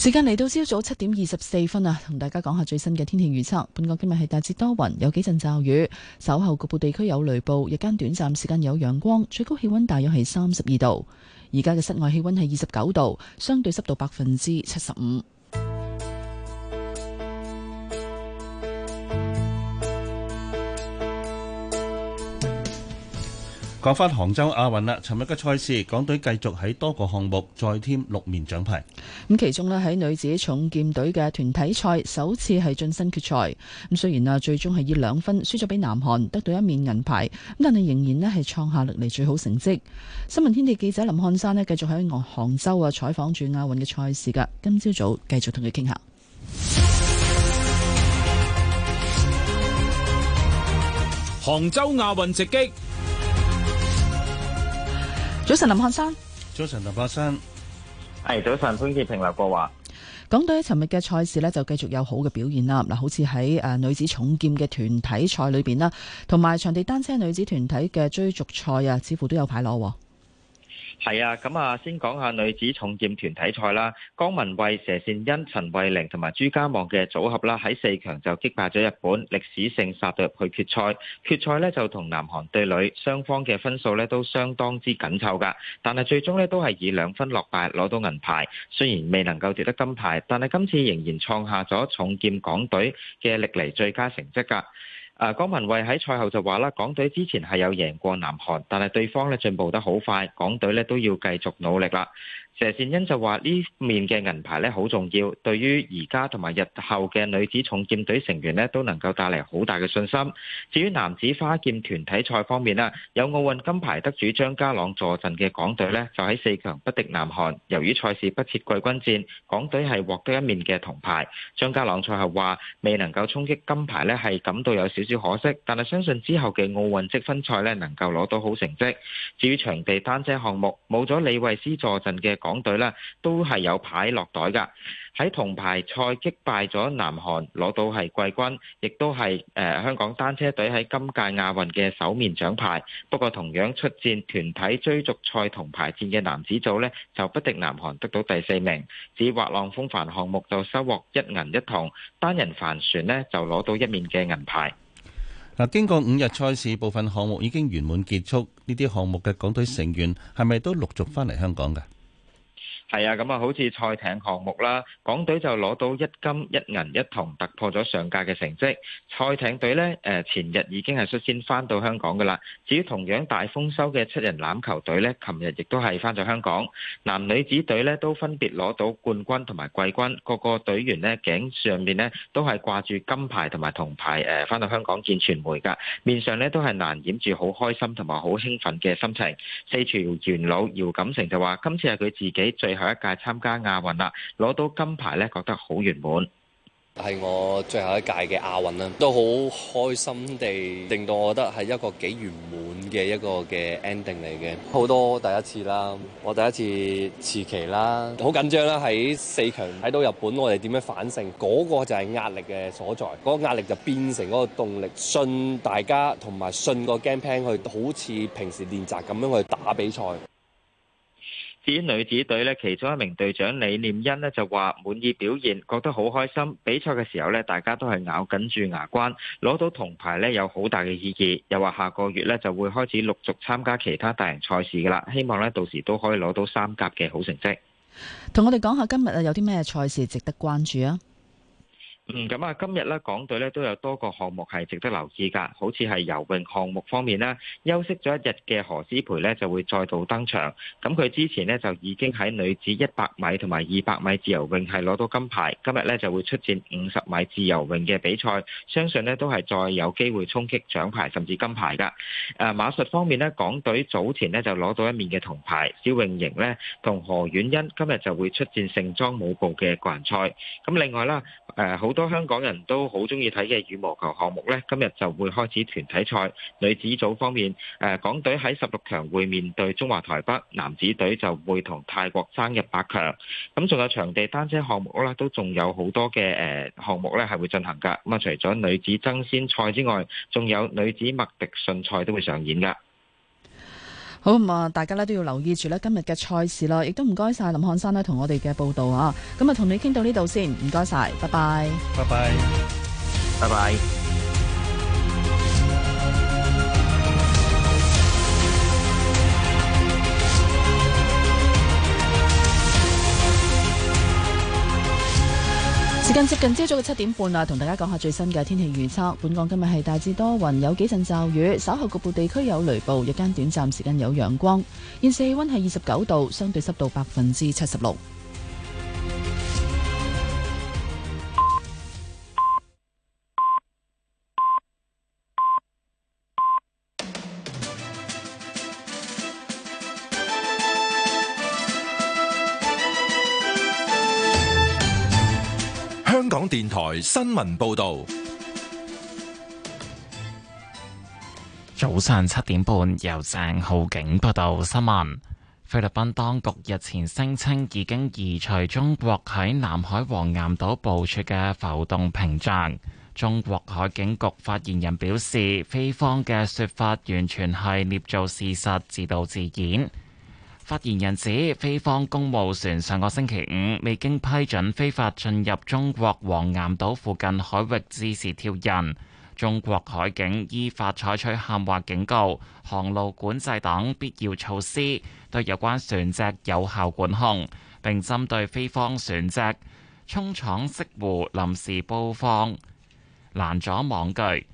時間嚟到朝早七點二十四分啊，同大家講下最新嘅天氣預測。本港今日係大致多雲，有幾陣驟雨，稍後局部地區有雷暴，日間短暫時間有陽光，最高氣溫大約係三十二度。而家嘅室外氣溫係二十九度，相對濕度百分之七十五。講翻杭州亞運啦，尋日嘅賽事，港隊繼續喺多個項目再添六面獎牌。咁其中咧喺女子重劍隊嘅團體賽，首次係晉身決賽。咁雖然啊，最終係以兩分輸咗俾南韓，得到一面銀牌。咁但係仍然咧係創下歷嚟最好成績。新聞天地記者林漢山咧，繼續喺杭州啊採訪住亞運嘅賽事噶。今朝早繼續同佢傾下。杭州亞運直擊。早晨，林漢山。早晨，林漢山。係早晨，潘潔平、劉國華。講到尋日嘅賽事呢，就繼續有好嘅表現啦。嗱，好似喺誒女子重劍嘅團體賽裏邊啦，同埋場地單車女子團體嘅追逐賽啊，似乎都有排攞。係啊，咁啊，先講下女子重劍團體賽啦。江文蔚、佘善欣、陳慧玲同埋朱家望嘅組合啦，喺四強就擊敗咗日本，歷史性殺入去決賽。決賽呢，就同南韓對壘，雙方嘅分數呢，都相當之緊湊噶，但係最終呢，都係以兩分落敗攞到銀牌。雖然未能夠奪得金牌，但係今次仍然創下咗重劍港隊嘅歷嚟最佳成績噶。啊、呃，江文蔚喺賽後就話啦，港隊之前係有贏過南韓，但係對方咧進步得好快，港隊咧都要繼續努力啦。謝善恩就話呢面嘅銀牌咧好重要，對於而家同埋日後嘅女子重劍隊成員咧都能夠帶嚟好大嘅信心。至於男子花劍團體賽方面啊，有奧運金牌得主張家朗坐鎮嘅港隊咧就喺四強不敵南韓。由於賽事不設季軍戰，港隊係獲得一面嘅銅牌。張家朗賽後話未能夠衝擊金牌咧係感到有少少可惜，但係相信之後嘅奧運積分賽咧能夠攞到好成績。至於場地單車項目，冇咗李慧詩坐鎮嘅。港隊啦，都係有牌落袋噶喺銅牌賽擊敗咗南韓，攞到係季軍，亦都係誒香港單車隊喺今屆亞運嘅首面獎牌。不過同樣出戰團體追逐賽銅牌戰嘅男子組咧，就不敵南韓，得到第四名。只滑浪風帆項目就收穫一銀一銅，單人帆船咧就攞到一面嘅銀牌。嗱，經過五日賽事，部分項目已經圓滿結束，呢啲項目嘅港隊成員係咪都陸續翻嚟香港噶係啊，咁啊，好似賽艇項目啦，港隊就攞到一金一銀一銅，突破咗上屆嘅成績。賽艇隊呢，誒，前日已經係率先返到香港噶啦。至於同樣大豐收嘅七人欖球隊呢，琴日亦都係返咗香港。男女子隊呢，都分別攞到冠軍同埋季軍，各個隊員呢，頸上面呢，都係掛住金牌同埋銅牌，誒，返到香港見傳媒噶，面上呢，都係難掩住好開心同埋好興奮嘅心情。四朝元老姚錦成就話：今次係佢自己最上一屆參加亞運啦，攞到金牌咧，覺得好圓滿。係我最後一屆嘅亞運啦，都好開心地，令到我覺得係一個幾圓滿嘅一個嘅 ending 嚟嘅。好多第一次啦，我第一次持旗啦，好緊張啦。喺四強睇到日本，我哋點樣反勝？嗰個就係壓力嘅所在，嗰個壓力就變成嗰個動力。信大家同埋信個 game plan，去好似平時練習咁樣去打比賽。至於女子隊咧，其中一名隊長李念欣呢，就話滿意表現，覺得好開心。比賽嘅時候咧，大家都係咬緊住牙關，攞到銅牌咧有好大嘅意義。又話下個月咧就會開始陸續參加其他大型賽事噶啦，希望咧到時都可以攞到三甲嘅好成績。同我哋講下今日啊，有啲咩賽事值得關注啊？嗯，咁啊，今日咧港隊咧都有多個項目係值得留意噶，好似係游泳項目方面啦，休息咗一日嘅何詩蓓咧就會再度登場。咁佢之前咧就已經喺女子一百米同埋二百米自由泳係攞到金牌，今日咧就會出戰五十米自由泳嘅比賽，相信咧都係再有機會衝擊獎牌甚至金牌噶。誒、呃，馬術方面咧，港隊早前咧就攞到一面嘅銅牌，蕭頴瑩咧同何婉欣今日就會出戰盛裝舞步嘅個人賽。咁另外啦，誒、呃、好多。多香港人都好中意睇嘅羽毛球項目呢，今日就會開始團體賽。女子組方面，誒、呃、港隊喺十六強會面對中華台北，男子隊就會同泰國爭入八強。咁仲有場地單車項目啦，都仲有好多嘅誒、呃、項目咧，係會進行噶。咁啊，除咗女子爭先賽之外，仲有女子麥迪遜賽都會上演噶。好，啊，大家咧都要留意住咧今日嘅賽事啦，亦都唔該晒林漢山咧同我哋嘅報道啊，咁啊同你傾到呢度先，唔該晒，拜拜，拜拜，拜拜。時間接近接近朝早嘅七點半啦，同大家講下最新嘅天氣預測。本港今日係大致多雲，有幾陣驟雨，稍後局部地區有雷暴，日間短暫時間有陽光。現時氣溫係二十九度，相對濕度百分之七十六。港電台新聞報道，早上七點半由鄭浩景報道新聞。菲律賓當局日前聲稱已經移除中國喺南海黃岩島部署嘅浮動屏障。中國海警局發言人表示，菲方嘅說法完全係捏造事實，自導自演。發言人指，菲方公務船上個星期五未經批准非法進入中國黃岩島附近海域，滋事挑釁。中國海警依法採取喊話、警告、航路管制等必要措施，對有關船隻有效管控，並針對菲方船隻衝闖潟湖，臨時布放攔阻網具。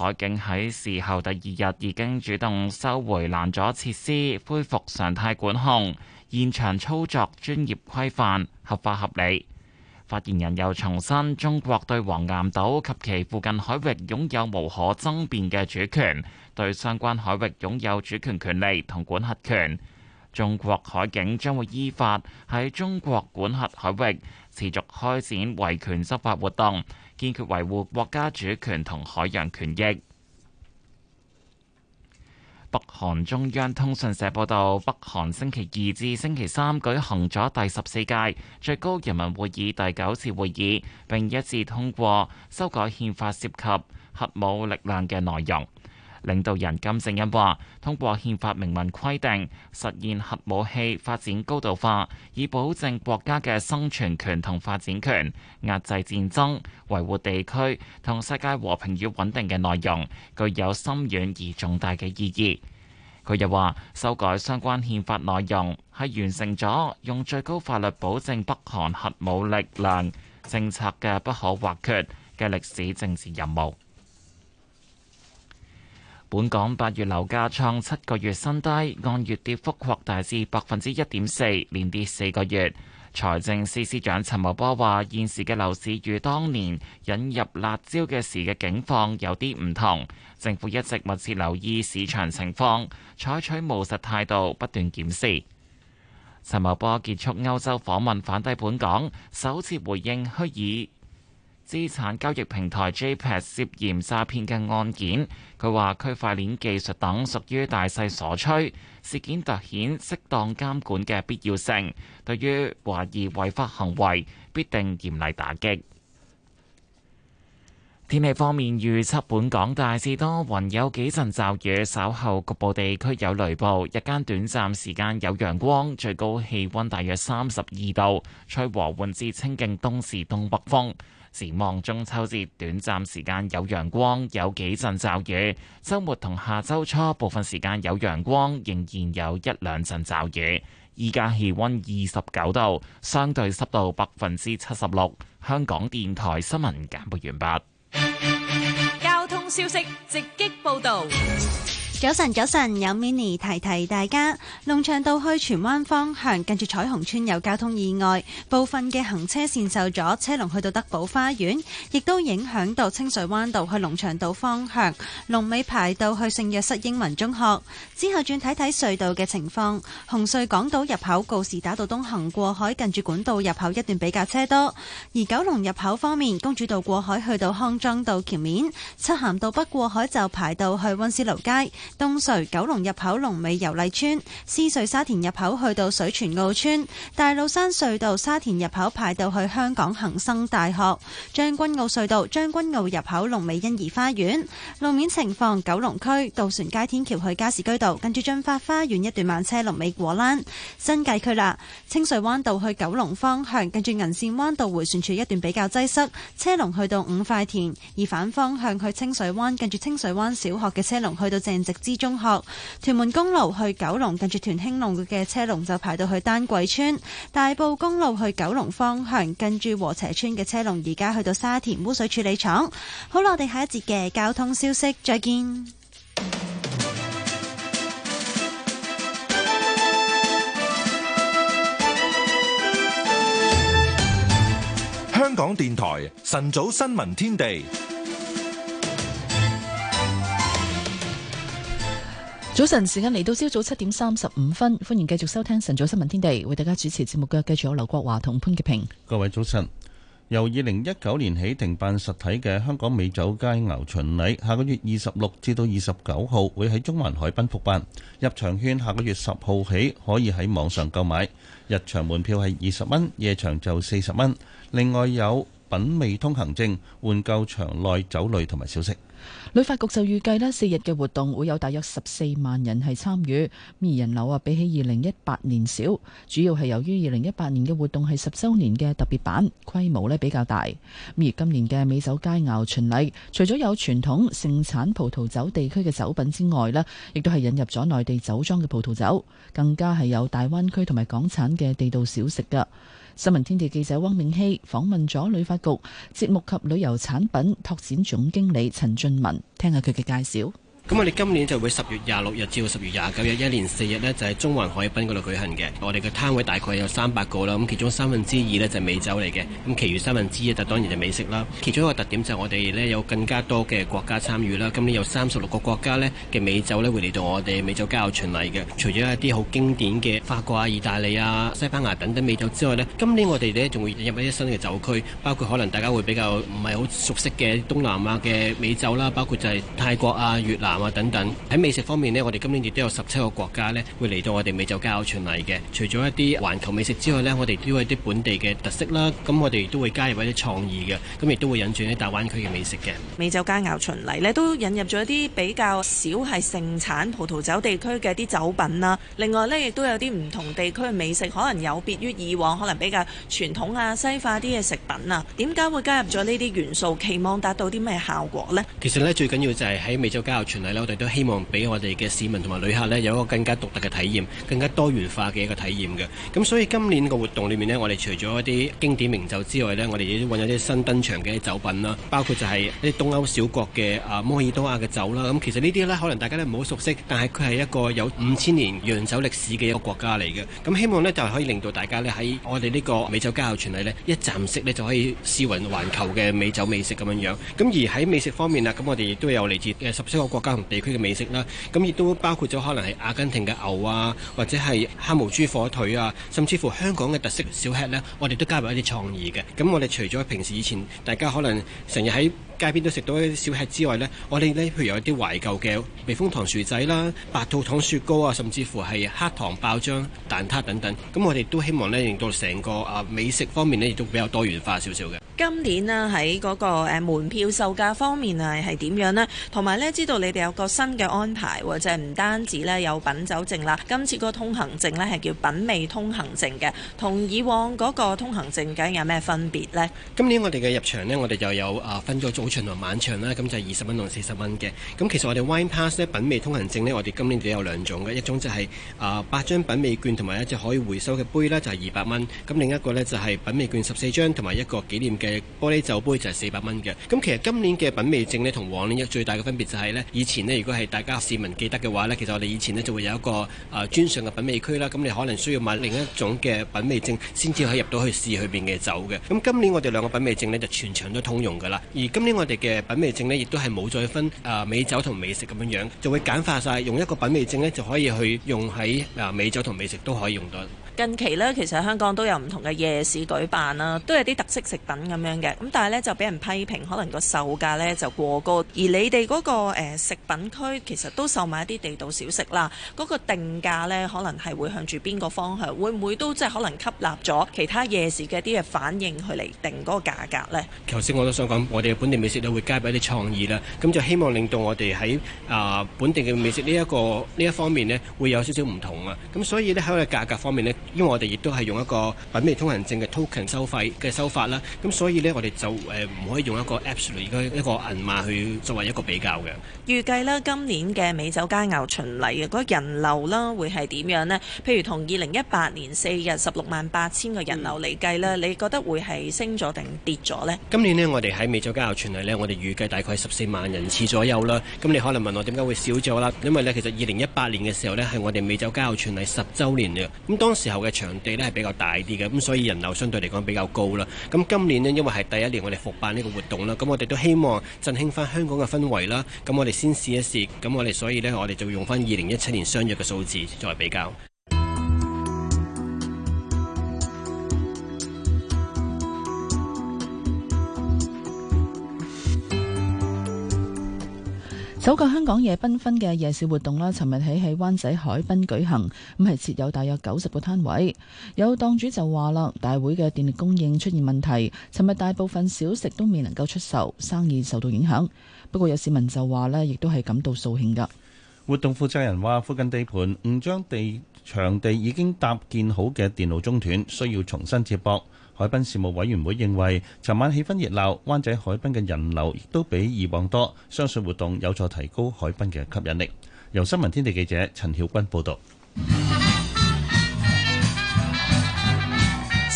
海警喺事後第二日已經主動收回攔阻設施，恢復常態管控，現場操作專業規範、合法合理。發言人又重申，中國對黃岩島及其附近海域擁有無可爭辯嘅主權，對相關海域擁有主權權利同管轄權。中國海警將會依法喺中國管轄海域持續開展維權執法活動。堅決維護國家主權同海洋權益。北韓中央通訊社報道，北韓星期二至星期三舉行咗第十四屆最高人民會議第九次會議，並一致通過修改憲法涉及核武力量嘅內容。領導人金正恩話：通過憲法明文規定實現核武器發展高度化，以保證國家嘅生存權同發展權，壓制戰爭，維護地區同世界和平與穩定嘅內容，具有深遠而重大嘅意義。佢又話：修改相關憲法內容係完成咗用最高法律保證北韓核武力量政策嘅不可或缺嘅歷史政治任務。本港八月樓價創七個月新低，按月跌幅擴大至百分之一點四，連跌四個月。財政司司長陳茂波話：現時嘅樓市與當年引入辣招嘅時嘅境況有啲唔同，政府一直密切留意市場情況，採取務實態度，不斷檢視。陳茂波結束歐洲訪問返抵本港，首次回應虛擬資產交易平台 JPEX 涉嫌詐騙嘅案件，佢話：區塊鏈技術等屬於大勢所趨，事件突顯適當監管嘅必要性。對於懷疑違法行為，必定嚴厲打擊。天氣方面預測，本港大致多雲，有幾陣驟雨，稍後局部地區有雷暴，日間短暫時間有陽光，最高氣温大約三十二度，吹和緩至清勁東時東北風。展望中秋節，短暫時間有陽光，有幾陣驟雨。週末同下周初部分時間有陽光，仍然有一兩陣驟雨。依家氣温二十九度，相對濕度百分之七十六。香港電台新聞簡報完畢。交通消息直擊報導。早晨，早晨，有 mini 提提大家。龍翔道去荃灣方向，近住彩虹村有交通意外，部分嘅行車線受阻，車龍去到德寶花園，亦都影響到清水灣道去龍翔道方向，龍尾排到去聖若瑟英文中學。之後轉睇睇隧道嘅情況，紅隧港島入口告士打道東行過海，近住管道入口一段比較車多。而九龍入口方面，公主道過海去到康莊道橋面，漆咸道北過海就排到去溫思勞街。東隧九龍入口龍尾油麗邨，獅隧沙田入口去到水泉澳村，大老山隧道沙田入口排到去香港恒生大學，將軍澳隧道將軍澳入口龍尾欣怡花園。路面情況，九龍區渡船街天橋去加士居道，跟住駿發花園一段慢車龍尾果欄，新界區啦，清水灣道去九龍方向，跟住銀線灣道回旋處一段比較擠塞，車龍去到五塊田，而反方向去清水灣，跟住清水灣小學嘅車龍去到正直資中學，屯門公路去九龍，近住屯興路嘅車龍就排到去丹桂村；大埔公路去九龍方向，近住和斜村嘅車龍，而家去到沙田污水處理廠。好，我哋下一節嘅交通消息，再見。香港電台晨早新聞天地。早晨，時間嚟到朝早七點三十五分，歡迎繼續收聽晨早新聞天地，為大家主持節目嘅繼續有劉國華同潘潔平。各位早晨，由二零一九年起停辦實體嘅香港美酒佳肴巡禮，下個月二十六至到二十九號會喺中環海濱復辦。入場券下個月十號起可以喺網上購買，日場門票係二十蚊，夜場就四十蚊。另外有品味通行證換購場內酒類同埋小食。旅發局就預計咧四日嘅活動會有大約十四萬人係參與，咁而人流啊，比起二零一八年少，主要係由於二零一八年嘅活動係十週年嘅特別版，規模咧比較大。而今年嘅美酒佳肴巡禮，除咗有傳統盛產葡萄酒地區嘅酒品之外咧，亦都係引入咗內地酒莊嘅葡萄酒，更加係有大灣區同埋港產嘅地道小食噶。新聞天地記者汪明熙訪問咗旅發局節目及旅遊產品拓展總經理陳俊文，聽下佢嘅介紹。咁我哋今年就會十月廿六日至到十月廿九日，一連四日呢，就喺中環海濱嗰度舉行嘅。我哋嘅攤位大概有三百個啦，咁其中三分之二呢，就係美酒嚟嘅，咁其餘三分之一就當然係美食啦。其中一個特點就係我哋呢，有更加多嘅國家參與啦。今年有三十六個國家呢，嘅美酒呢，會嚟到我哋美酒佳餚巡禮嘅。除咗一啲好經典嘅法國啊、意大利啊、西班牙等等美酒之外呢，今年我哋呢，仲會引入一啲新嘅酒區，包括可能大家會比較唔係好熟悉嘅東南亞嘅美酒啦，包括就係泰國啊、越南。啊！等等喺美食方面呢，我哋今年亦都有十七個國家呢會嚟到我哋美酒佳餚巡禮嘅。除咗一啲環球美食之外呢，我哋都有一啲本地嘅特色啦。咁我哋都會加入一啲創意嘅，咁亦都會引進一啲大灣區嘅美食嘅。美酒佳餚巡禮呢，都引入咗一啲比較少係盛產葡萄酒地區嘅啲酒品啦、啊。另外呢，亦都有啲唔同地區嘅美食，可能有別於以往可能比較傳統啊、西化啲嘅食品啊。點解會加入咗呢啲元素？期望達到啲咩效果呢？其實呢，最緊要就係喺美酒佳餚巡。我哋都希望俾我哋嘅市民同埋旅客呢，有一個更加獨特嘅體驗，更加多元化嘅一個體驗嘅。咁所以今年個活動裏面呢，我哋除咗一啲經典名酒之外呢，我哋亦都揾咗啲新登場嘅酒品啦，包括就係一啲東歐小國嘅啊摩爾多瓦嘅酒啦。咁其實呢啲呢，可能大家呢唔好熟悉，但係佢係一個有五千年釀酒歷史嘅一個國家嚟嘅。咁希望呢，就可以令到大家呢，喺我哋呢個美酒佳餚巡禮呢，一站式呢，就可以試勻環球嘅美酒美食咁樣樣。咁而喺美食方面啊，咁我哋亦都有嚟自十七個國家。不同地區嘅美食啦，咁亦都包括咗可能係阿根廷嘅牛啊，或者係黑毛豬火腿啊，甚至乎香港嘅特色小吃呢。我哋都加入一啲創意嘅。咁我哋除咗平時以前大家可能成日喺街邊都食到一啲小吃之外呢，我哋呢譬如有啲懷舊嘅避風塘薯仔啦、白兔糖雪糕啊，甚至乎係黑糖爆漿蛋撻等等。咁我哋都希望呢令到成個啊美食方面呢，亦都比較多元化少少嘅。今年咧喺嗰個誒門票售價方面啊係點樣呢？同埋咧知道你哋有個新嘅安排，或者係唔單止咧有品酒證啦，今次個通行證咧係叫品味通行證嘅，同以往嗰個通行證究竟有咩分別呢？今年我哋嘅入場呢，我哋又有啊分咗早場同晚場啦，咁就係二十蚊同四十蚊嘅。咁其實我哋 Wine Pass 呢，品味通行證呢，我哋今年都有兩種嘅，一種就係、是、啊、呃、八張品味券同埋一隻可以回收嘅杯啦，就係二百蚊。咁另一個呢，就係品味券十四張同埋一個紀念嘅。玻璃酒杯就係四百蚊嘅，咁其實今年嘅品味證呢，同往年一最大嘅分別就係、是、呢。以前呢，如果係大家市民記得嘅話呢，其實我哋以前呢就會有一個誒、呃、專上嘅品味區啦，咁你可能需要買另一種嘅品味證先至可以入到去試佢邊嘅酒嘅，咁今年我哋兩個品味證呢，就全場都通用噶啦，而今年我哋嘅品味證呢，亦都係冇再分誒、呃、美酒同美食咁樣樣，就會簡化晒，用一個品味證呢，就可以去用喺啊、呃、美酒同美食都可以用到。近期呢，其實香港都有唔同嘅夜市舉辦啦，都有啲特色食品咁樣嘅。咁但係呢，就俾人批評，可能個售價呢就過高。而你哋嗰個食品區，其實都售賣一啲地道小食啦。嗰個定價呢，可能係會向住邊個方向？會唔會都即係可能吸納咗其他夜市嘅啲嘅反應去嚟定嗰個價格呢？頭先我都想講，我哋嘅本地美食都會加畀一啲創意啦，咁就希望令到我哋喺啊本地嘅美食呢一個呢一方面呢，會有少少唔同啊。咁所以呢，喺個價格方面呢。因為我哋亦都係用一個品味通行證嘅 token 收費嘅收法啦，咁所以呢我哋就誒唔可以用一個 absolute 一個銀碼去作為一個比較嘅。預計呢今年嘅美酒佳餚巡禮嘅嗰人流啦，會係點樣呢？譬如同二零一八年四日十六萬八千個人流嚟計呢，你覺得會係升咗定跌咗呢？今年呢我哋喺美酒佳餚巡禮呢，我哋預計大概十四萬人次左右啦。咁你可能問我點解會少咗啦？因為呢其實二零一八年嘅時候呢，係我哋美酒佳餚巡禮十週年嘅，咁當時候嘅場地咧，係比較大啲嘅，咁所以人流相對嚟講比較高啦。咁今年咧，因為係第一年我哋復辦呢個活動啦，咁我哋都希望振興翻香港嘅氛圍啦。咁我哋先試一試，咁我哋所以咧，我哋就用翻二零一七年相若嘅數字作為比較。首個香港夜繽紛嘅夜市活動啦，尋日起喺灣仔海濱舉行，咁係設有大約九十個攤位。有檔主就話啦，大會嘅電力供應出現問題，尋日大部分小食都未能夠出售，生意受到影響。不過有市民就話呢，亦都係感到掃興㗎。活動負責人話，附近地盤唔將地場地已經搭建好嘅電路中斷，需要重新接駁。海濱事務委員會認為，尋晚氣氛熱鬧，灣仔海濱嘅人流亦都比以往多，相信活動有助提高海濱嘅吸引力。由新聞天地記者陳曉君報道。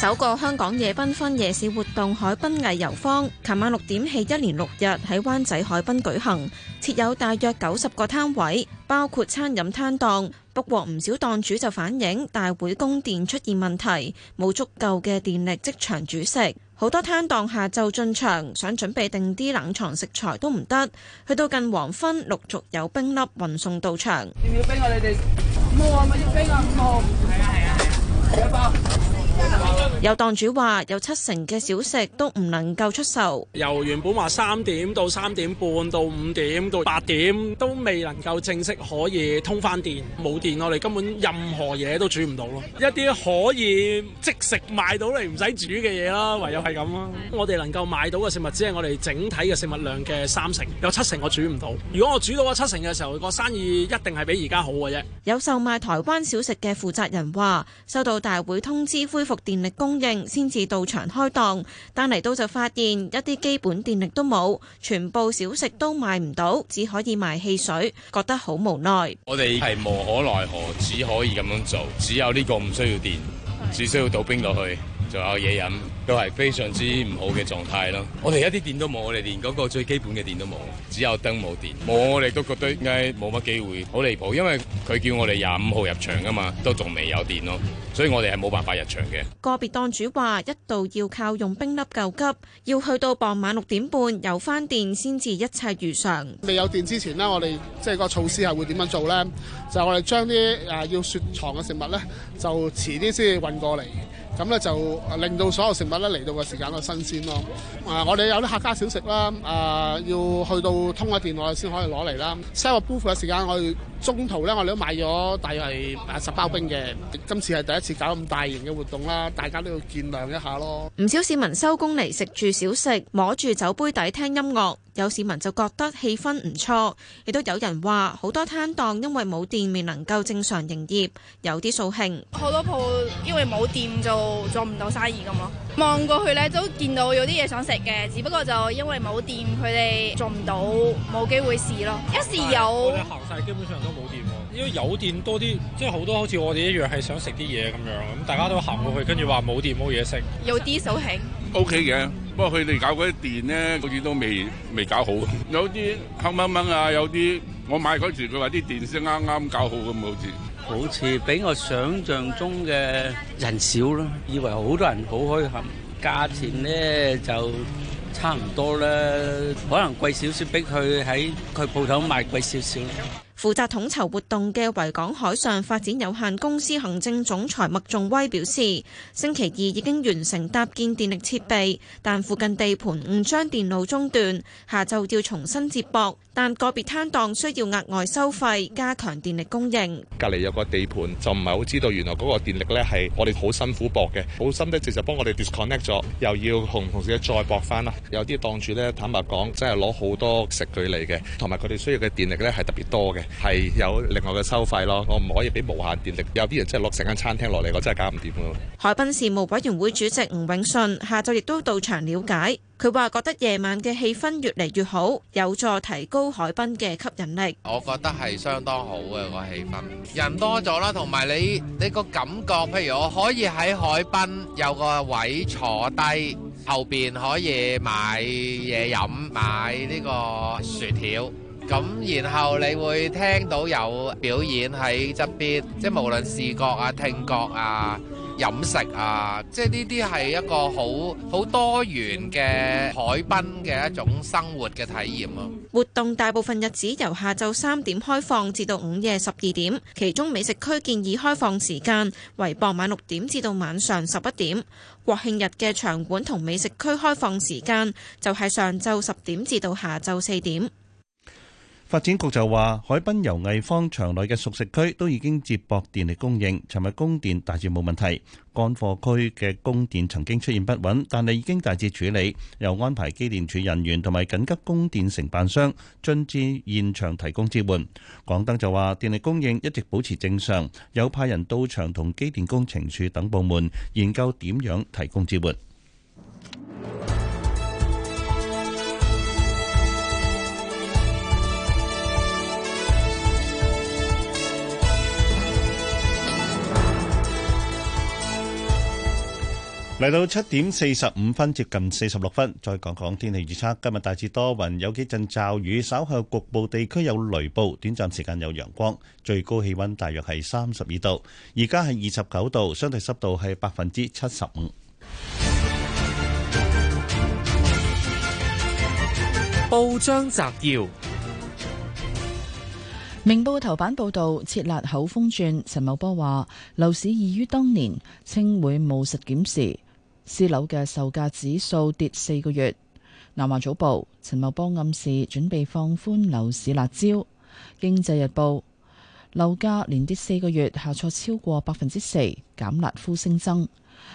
首個香港夜繽紛夜市活動海濱藝遊坊，琴晚六點起一連六日喺灣仔海濱舉行，設有大約九十個攤位，包括餐飲攤檔。不過唔少檔主就反映大會供電出現問題，冇足夠嘅電力即場煮食，好多攤檔下晝進場想準備定啲冷藏食材都唔得，去到近黃昏陸續有冰粒運送到場。要唔要冰啊？你哋冇啊？唔係要冰啊？冇。係啊係啊。有檔主話：有七成嘅小食都唔能夠出售。由原本話三點到三點半到五點到八點都未能夠正式可以通翻電，冇電我哋根本任何嘢都煮唔到咯。一啲可以即食買到你唔使煮嘅嘢咯，唯有係咁咯。我哋能夠買到嘅食物，只係我哋整體嘅食物量嘅三成，有七成我煮唔到。如果我煮到咗七成嘅時候，個生意一定係比而家好嘅啫。有售賣台灣小食嘅負責人話：收到。大會通知恢復電力供應，先至到場開檔。但嚟到就發現一啲基本電力都冇，全部小食都賣唔到，只可以賣汽水，覺得好無奈。我哋係無可奈何，只可以咁樣做，只有呢個唔需要電，只需要倒冰落去。仲有嘢飲，都係非常之唔好嘅狀態咯。我哋一啲電都冇，我哋連嗰個最基本嘅電都冇，只有燈冇電。冇。我哋都覺得應該冇乜機會，好離譜。因為佢叫我哋廿五號入場噶嘛，都仲未有電咯，所以我哋係冇辦法入場嘅。個別檔主話，一度要靠用冰粒救急，要去到傍晚六點半有返電先至一切如常。未有電之前呢，我哋即係個措施係會點樣做咧？就係我哋將啲誒要雪藏嘅食物咧，就遲啲先運過嚟。咁咧就令到所有食物咧嚟到嘅時間都新鮮咯。啊、呃，我哋有啲客家小食啦，啊、呃，要去到通下電話先可以攞嚟啦。生活煲嘅時間，我。中途呢，我哋都買咗大約係十包冰嘅。今次係第一次搞咁大型嘅活動啦，大家都要見諒一下咯。唔少市民收工嚟食住小食，摸住酒杯底聽音樂。有市民就覺得氣氛唔錯，亦都有人話好多攤檔因為冇店面能夠正常營業，有啲掃興。好多鋪因為冇店做做唔到生意咁咯。望過去呢都見到有啲嘢想食嘅，只不過就因為冇店佢哋做唔到，冇機會試咯。一時有。冇電喎，因為有電多啲，即係好多好似我哋一樣係想食啲嘢咁樣。咁大家都行過去，跟住話冇電冇嘢食。有啲數起。OK 嘅。不過佢哋搞嗰啲電咧，好似都未未搞好。 有啲黑掹掹啊，有啲我買嗰時佢話啲電先啱啱搞好咁，好似好似比我想象中嘅人少咯，以為好多人好開闊。價錢咧就差唔多啦，可能貴少少，比佢喺佢鋪頭賣貴少少。負責統籌活動嘅維港海上發展有限公司行政總裁麥仲威表示，星期二已經完成搭建電力設備，但附近地盤唔將電路中斷，下晝要重新接駁。但個別攤檔需要額外收費加強電力供應。隔籬有個地盤就唔係好知道，原來嗰個電力呢係我哋好辛苦駁嘅，好心的直實幫我哋 disconnect 咗，又要同同事再駁翻啦。有啲檔主呢，坦白講，真係攞好多食佢嚟嘅，同埋佢哋需要嘅電力呢係特別多嘅。係有另外嘅收費咯，我唔可以俾無限電力。有啲人真係攞成間餐廳落嚟，我真係搞唔掂咯。海濱事務委員會主席吳永信下晝亦都到場了解，佢話覺得夜晚嘅氣氛越嚟越好，有助提高海濱嘅吸引力。我覺得係相當好嘅個氣氛，人多咗啦，同埋你你個感覺，譬如我可以喺海濱有個位坐低，後邊可以買嘢飲，買呢個薯條。咁，然後你會聽到有表演喺側邊，即係無論視覺啊、聽覺啊、飲食啊，即係呢啲係一個好好多元嘅海濱嘅一種生活嘅體驗啊。活動大部分日子由下晝三點開放，至到午夜十二點。其中美食區建議開放時間為傍晚六點至到晚上十一點。國慶日嘅場館同美食區開放時間就係上晝十點至到下晝四點。發展局就話，海濱遊藝坊場內嘅熟食區都已經接駁電力供應，尋日供電大致冇問題。乾貨區嘅供電曾經出現不穩，但係已經大致處理，又安排機電署人員同埋緊急供電承辦商進至現場提供支援。港燈就話，電力供應一直保持正常，有派人到場同機電工程署等部門研究點樣提供支援。嚟到七點四十五分，接近四十六分，再講講天氣預測。今日大致多雲，有幾陣驟雨，稍後局部地區有雷暴，短暫時間有陽光。最高氣溫大約係三十二度，而家係二十九度，相對濕度係百分之七十五。報章摘要：明報頭版報道，撤辣口風轉，陳茂波話樓市異於當年，稱會務實檢視。私樓嘅售價指數跌四個月。南華早報，陳茂波暗示準備放寬樓市辣椒。經濟日報，樓價連跌四個月，下挫超過百分之四，減辣呼聲增。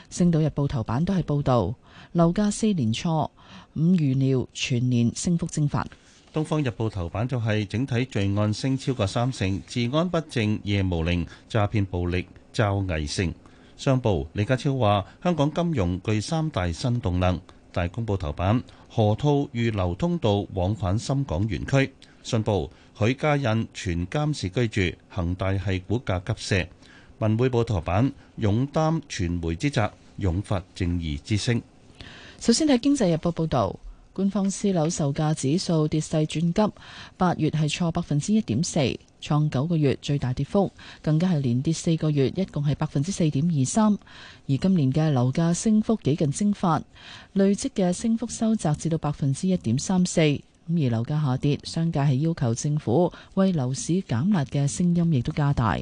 星島日報頭版都係報道樓價四連挫，五預料全年升幅蒸發。東方日報頭版就係整體罪案升超過三成，治安不正夜無令詐騙暴力驟危盛。詐商報李家超話：香港金融具三大新動能。大公報頭版，河套預留通道往返深港園區。信報許家印全監視居住，恒大係股價急瀉。文匯報頭版，勇擔傳媒之責，勇發正義之聲。首先睇經濟日報報導，官方私樓售價指數跌勢轉急，八月係挫百分之一點四。創九個月最大跌幅，更加係連跌四個月，一共係百分之四點二三。而今年嘅樓價升幅幾近蒸發，累積嘅升幅收窄至到百分之一點三四。咁而樓價下跌，商界係要求政府為樓市減壓嘅聲音亦都加大。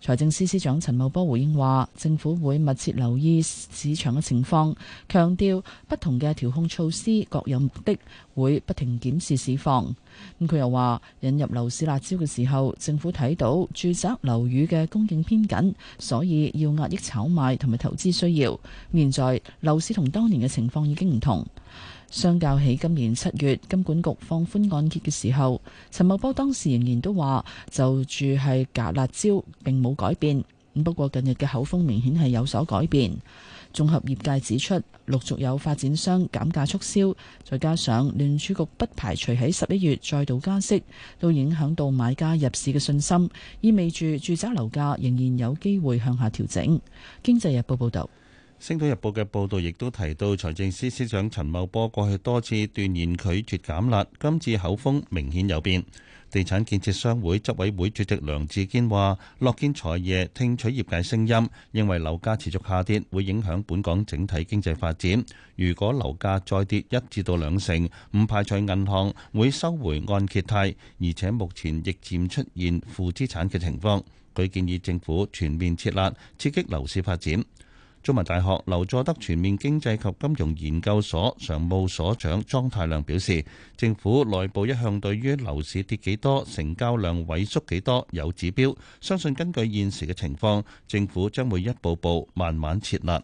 財政司司長陳茂波回應話：政府會密切留意市場嘅情況，強調不同嘅調控措施各有目的，會不停檢視市況。咁佢又話：引入樓市辣招嘅時候，政府睇到住宅樓宇嘅供應偏緊，所以要壓抑炒賣同埋投資需要。現在樓市同當年嘅情況已經唔同。相較起今年七月金管局放寬按揭嘅時候，陳茂波當時仍然都話就住係夾辣椒並冇改變。不過近日嘅口風明顯係有所改變。綜合業界指出，陸續有發展商減價促銷，再加上聯儲局不排除喺十一月再度加息，都影響到買家入市嘅信心，意味住住宅樓價仍然有機會向下調整。經濟日報報道。星島日報嘅報道亦都提到，財政司司長陳茂波過去多次斷言拒絕減辣，今次口風明顯有變。地產建設商會執委會主席梁志堅話，樂見財爺聽取業界聲音，認為樓價持續下跌會影響本港整體經濟發展。如果樓價再跌一至到兩成，唔排除銀行會收回按揭貸，而且目前亦漸出現負資產嘅情況。佢建議政府全面設立刺激樓市發展。中文大學劉佐德全面經濟及金融研究所常務所長莊太亮表示，政府內部一向對於樓市跌幾多、成交量萎縮幾多有指標，相信根據現時嘅情況，政府將會一步步慢慢設立。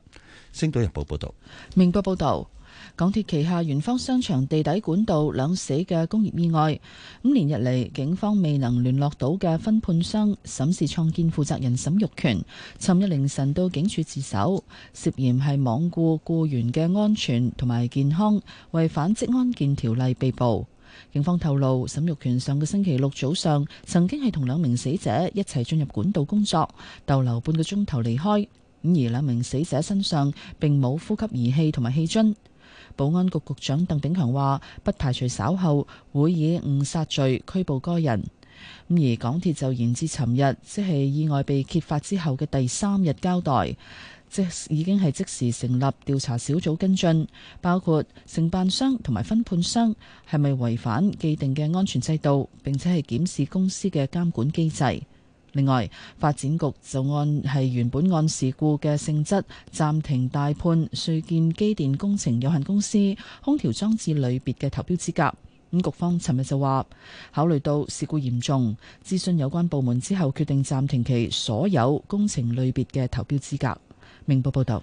星島日報報導，明報報導。港鐵旗下圓方商場地底管道兩死嘅工業意外，連日嚟警方未能聯絡到嘅分判商審視創建負責人沈玉權，尋日凌晨到警署自首，涉嫌係罔顧僱員嘅安全同埋健康，違反職安健條例被捕。警方透露，沈玉權上個星期六早上曾經係同兩名死者一齊進入管道工作，逗留半個鐘頭，離開。而兩名死者身上並冇呼吸儀器同埋氣樽。保安局局長鄧炳強話，不排除稍後會以誤殺罪拘捕該人。咁而港鐵就延至尋日即係意外被揭發之後嘅第三日交代，即已經係即時成立調查小組跟進，包括承辦商同埋分判商係咪違反既定嘅安全制度，並且係檢視公司嘅監管機制。另外，發展局就按係原本按事故嘅性質，暫停大判瑞建機電工程有限公司空調裝置類別嘅投標資格。咁局方尋日就話，考慮到事故嚴重，諮詢有關部門之後，決定暫停其所有工程類別嘅投標資格。明報報道。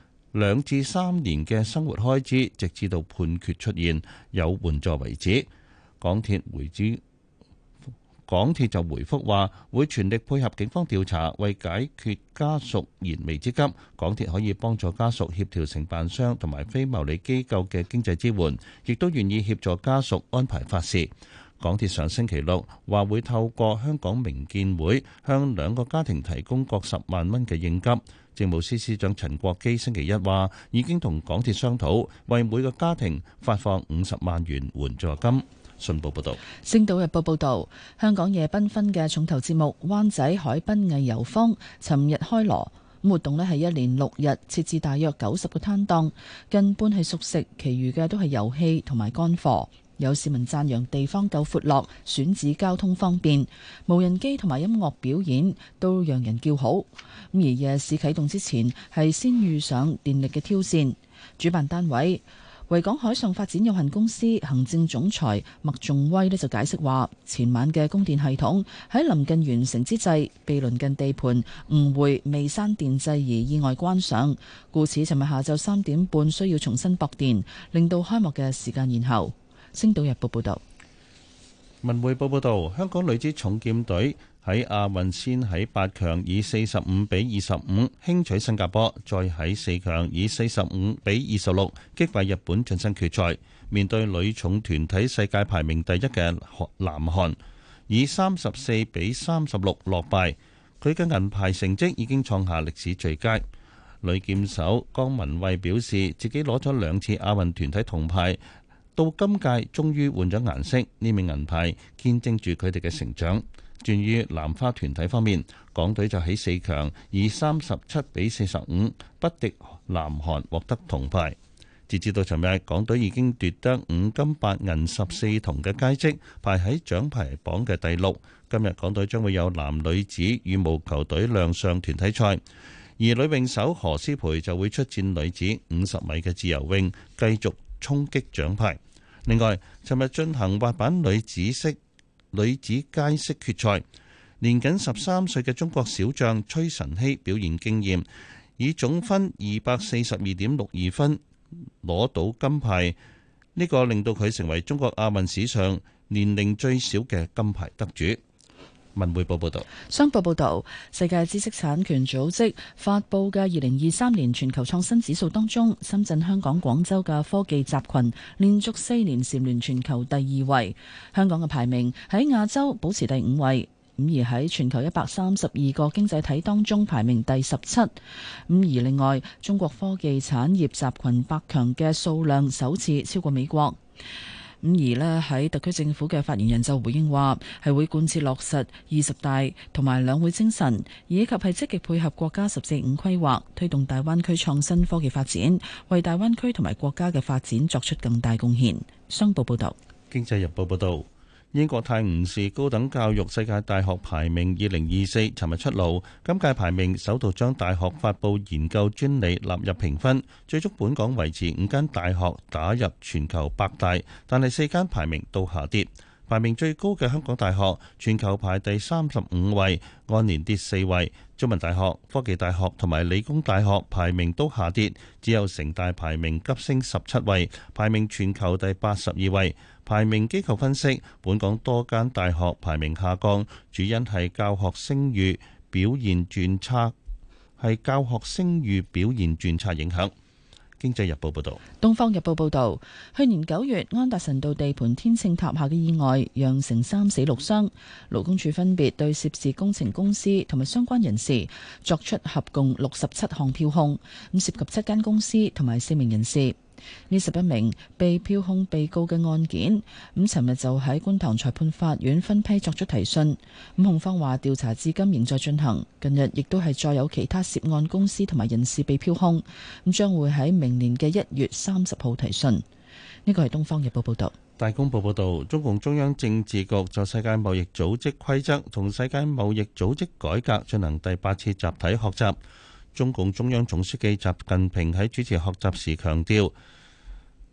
兩至三年嘅生活開支，直至到判決出現有援助為止。港鐵回，港鐵就回覆話會全力配合警方調查，為解決家屬燃眉之急，港鐵可以幫助家屬協調承辦商同埋非牟利機構嘅經濟支援，亦都願意協助家屬安排法事。港鐵上星期六話會透過香港明建會向兩個家庭提供各十萬蚊嘅應急。政務司司長陳國基星期一話，已經同港鐵商討，為每個家庭發放五十萬元援助金。信報報道，《星島日報》報道，香港夜繽紛嘅重頭節目灣仔海濱藝遊坊，尋日開鑼。活動咧係一連六日，設置大約九十個攤檔，近半係熟食，其餘嘅都係遊戲同埋乾貨。有市民讚揚地方夠闊落，選址交通方便，無人機同埋音樂表演都讓人叫好。咁而夜市啟動之前係先遇上電力嘅挑戰。主辦單位維港海上發展有限公司行政總裁麥仲威呢就解釋話：前晚嘅供電系統喺臨近完成之際，被鄰近地盤誤會未刪電制而意外關上，故此尋日下晝三點半需要重新駁電，令到開幕嘅時間延後。《星島日報》報道，文匯報報道，香港女子重劍隊喺亞運先喺八強以四十五比二十五輕取新加坡，再喺四強以四十五比二十六擊敗日本，晉身決賽。面對女重團體世界排名第一嘅南韓，以三十四比三十六落敗。佢嘅銀牌成績已經創下歷史最佳。女劍手江文蔚表示，自己攞咗兩次亞運團體銅牌。到今屆終於換咗顏色，呢面銀牌見證住佢哋嘅成長。至於男花團體方面，港隊就喺四強以三十七比四十五不敵南韓，獲得銅牌。截至到尋日，港隊已經奪得五金八銀十四銅嘅佳績，排喺獎牌榜嘅第六。今日港隊將會有男女子羽毛球隊亮相團體賽，而女泳手何詩蓓就會出戰女子五十米嘅自由泳，繼續。衝擊獎牌。另外，尋日進行滑板女子式、女子街式決賽，年僅十三歲嘅中國小將崔晨曦表現驚艷，以總分二百四十二點六二分攞到金牌。呢、這個令到佢成為中國亞運史上年齡最小嘅金牌得主。文匯報報道，商報報道，世界知識產權組織發佈嘅二零二三年全球創新指數當中，深圳、香港、廣州嘅科技集群連續四年蟬聯全球第二位，香港嘅排名喺亞洲保持第五位，咁而喺全球一百三十二個經濟體當中排名第十七，咁而另外，中國科技產業集群百強嘅數量首次超過美國。咁而呢，喺特區政府嘅發言人就回應話，係會貫徹落實二十大同埋兩會精神，以及係積極配合國家十四五規劃，推動大灣區創新科技發展，為大灣區同埋國家嘅發展作出更大貢獻。商報報道，經濟日報報道。英國泰晤士高等教育世界大學排名2024尋日出爐，今屆排名首度將大學發布研究專利納入評分，最終本港維持五間大學打入全球百大，但係四間排名都下跌。排名最高嘅香港大學全球排第三十五位，按年跌四位。中文大學、科技大學同埋理工大學排名都下跌，只有城大排名急升十七位，排名全球第八十二位。排名機構分析，本港多間大學排名下降，主因係教學聲譽表現轉差，係教學聲譽表現轉差影響。經濟日報報道，東方日報報道，去年九月安達臣道地盤天秤塔下嘅意外，釀成三死六傷，勞工處分別對涉事工程公司同埋相關人士作出合共六十七項票控，咁涉及七間公司同埋四名人士。呢十一名被票控被告嘅案件，咁尋日就喺觀塘裁判法院分批作出提訊。咁控方話調查至今仍在進行，近日亦都係再有其他涉案公司同埋人士被票控，咁將會喺明年嘅一月三十號提訊。呢個係東方日報報道。大公報報道，中共中央政治局就世界貿易組織規則同世界貿易組織改革進行第八次集體學習。中共中央總書記習近平喺主持學習時強調。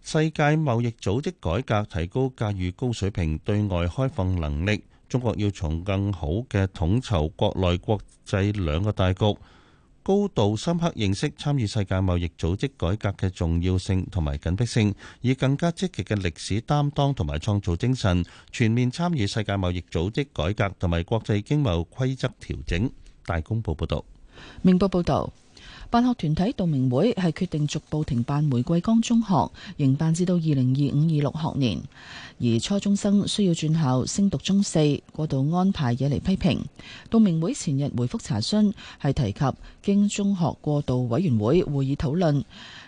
世界貿易組織改革，提高駕馭高水平對外開放能力。中國要從更好嘅統籌國內國際兩個大局，高度深刻認識參與世界貿易組織改革嘅重要性同埋緊迫性，以更加積極嘅歷史擔當同埋創造精神，全面參與世界貿易組織改革同埋國際經貿規則調整。大公報報道，明報報道。辦學團體道明會係決定逐步停辦玫瑰崗中學，營辦至到二零二五二六學年。而初中生需要轉校升讀中四，過渡安排惹嚟批評。道明會前日回覆查詢，係提及經中學過渡委員會會議討論，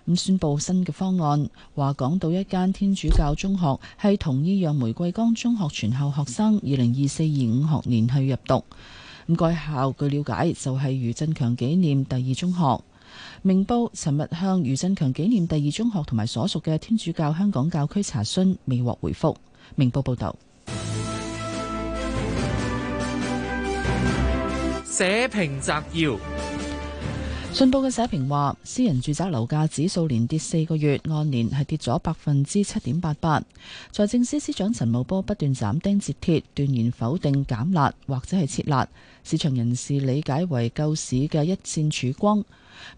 咁宣布新嘅方案，話港島一間天主教中學係同意讓玫瑰崗中學全校學生二零二四二五學年去入讀。咁該校據了解就係余振強紀念第二中學。明報尋日向余振強紀念第二中學同埋所屬嘅天主教香港教區查詢，未獲回覆。明報報道。社評摘要：信報嘅社評話，私人住宅樓價指數連跌四個月，按年係跌咗百分之七點八八。財政司司長陳茂波不斷斬釘截鐵，斷言否定減辣或者係撤辣，市場人士理解為救市嘅一線曙光。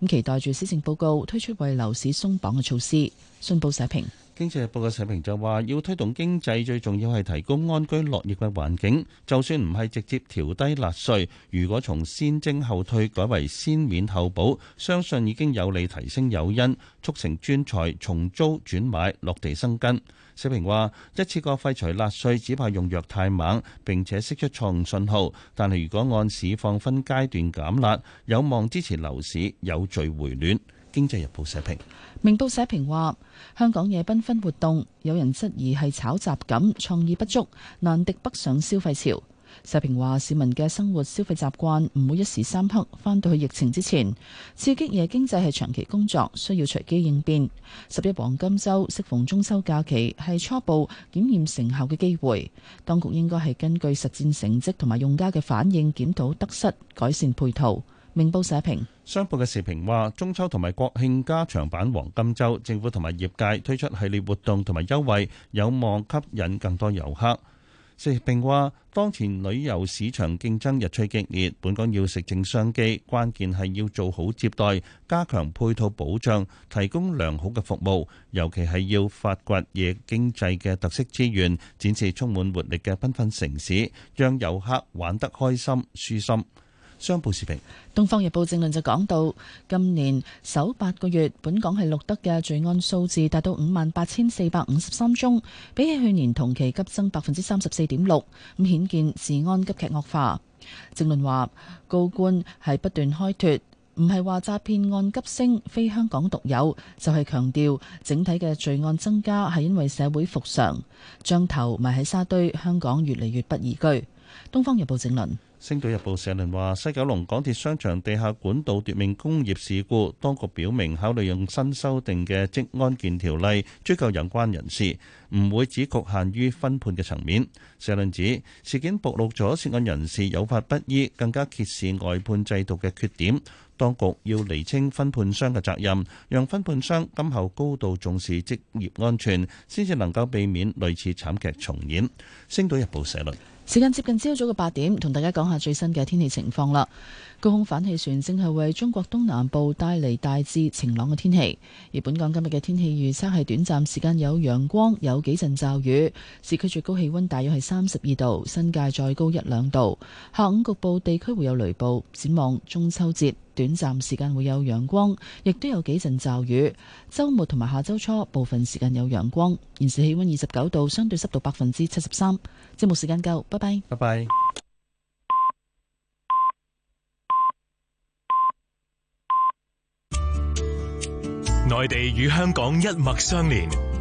咁期待住施政報告推出為樓市鬆綁嘅措施。信報社評。經濟日報嘅社評就話：要推動經濟，最重要係提供安居樂業嘅環境。就算唔係直接調低辣稅，如果從先徵後退改為先免後補，相信已經有利提升誘因，促成專才重租轉買落地生根。社評話：一次過廢除辣稅，只怕用藥太猛，並且釋出錯誤信號。但係如果按市況分階段減辣，有望支持樓市有序回暖。《經濟日報》社評，明報社評話：香港夜繽紛活動，有人質疑係炒雜感，創意不足，難敵北上消費潮。社評話：市民嘅生活消費習慣唔會一時三刻翻到去疫情之前，刺激夜經濟係長期工作，需要隨機應變。十一黃金週適逢中秋假期，係初步檢驗成效嘅機會。當局應該係根據實戰成績同埋用家嘅反應檢討得失，改善配套。明報社評，商報嘅時評話，中秋同埋國慶加長版黃金週，政府同埋業界推出系列活動同埋優惠，有望吸引更多遊客。時評話，當前旅遊市場競爭日趨激烈，本港要食正商機，關鍵係要做好接待，加強配套保障，提供良好嘅服務，尤其係要發掘夜經濟嘅特色資源，展示充滿活力嘅繽紛城市，讓遊客玩得開心舒心。商報視頻，《東方日報》正論就講到，今年首八個月，本港係錄得嘅罪案數字達到五萬八千四百五十三宗，比起去年同期急增百分之三十四點六，咁顯見治安急劇惡化。正論話，高官係不斷開脫，唔係話詐騙案急升非香港獨有，就係、是、強調整體嘅罪案增加係因為社會復常，將頭埋喺沙堆，香港越嚟越不宜居。《東方日報》正論。星島日報社論話：西九龍港鐵商場地下管道奪命工業事故，當局表明考慮用新修訂嘅職安健條例追究有關人士，唔會只局限於分判嘅層面。社論指事件暴露咗涉案人士有法不依，更加揭示外判制度嘅缺點。當局要釐清分判商嘅責任，讓分判商今後高度重視職業安全，先至能夠避免類似慘劇重演。星島日報社論。時間接近朝早嘅八點，同大家講下最新嘅天氣情況啦。高空反氣旋正係為中國東南部帶嚟大致晴朗嘅天氣，而本港今日嘅天氣預測係短暫時間有陽光，有幾陣驟雨。市區最高氣温大約係三十二度，新界再高一兩度。下午局部地區會有雷暴。展望中秋節，短暫時間會有陽光，亦都有幾陣驟雨。周末同埋下周初部分時間有陽光。現時氣温二十九度，相對濕度百分之七十三。節目時間夠，拜拜。拜拜。內地與香港一脈相連。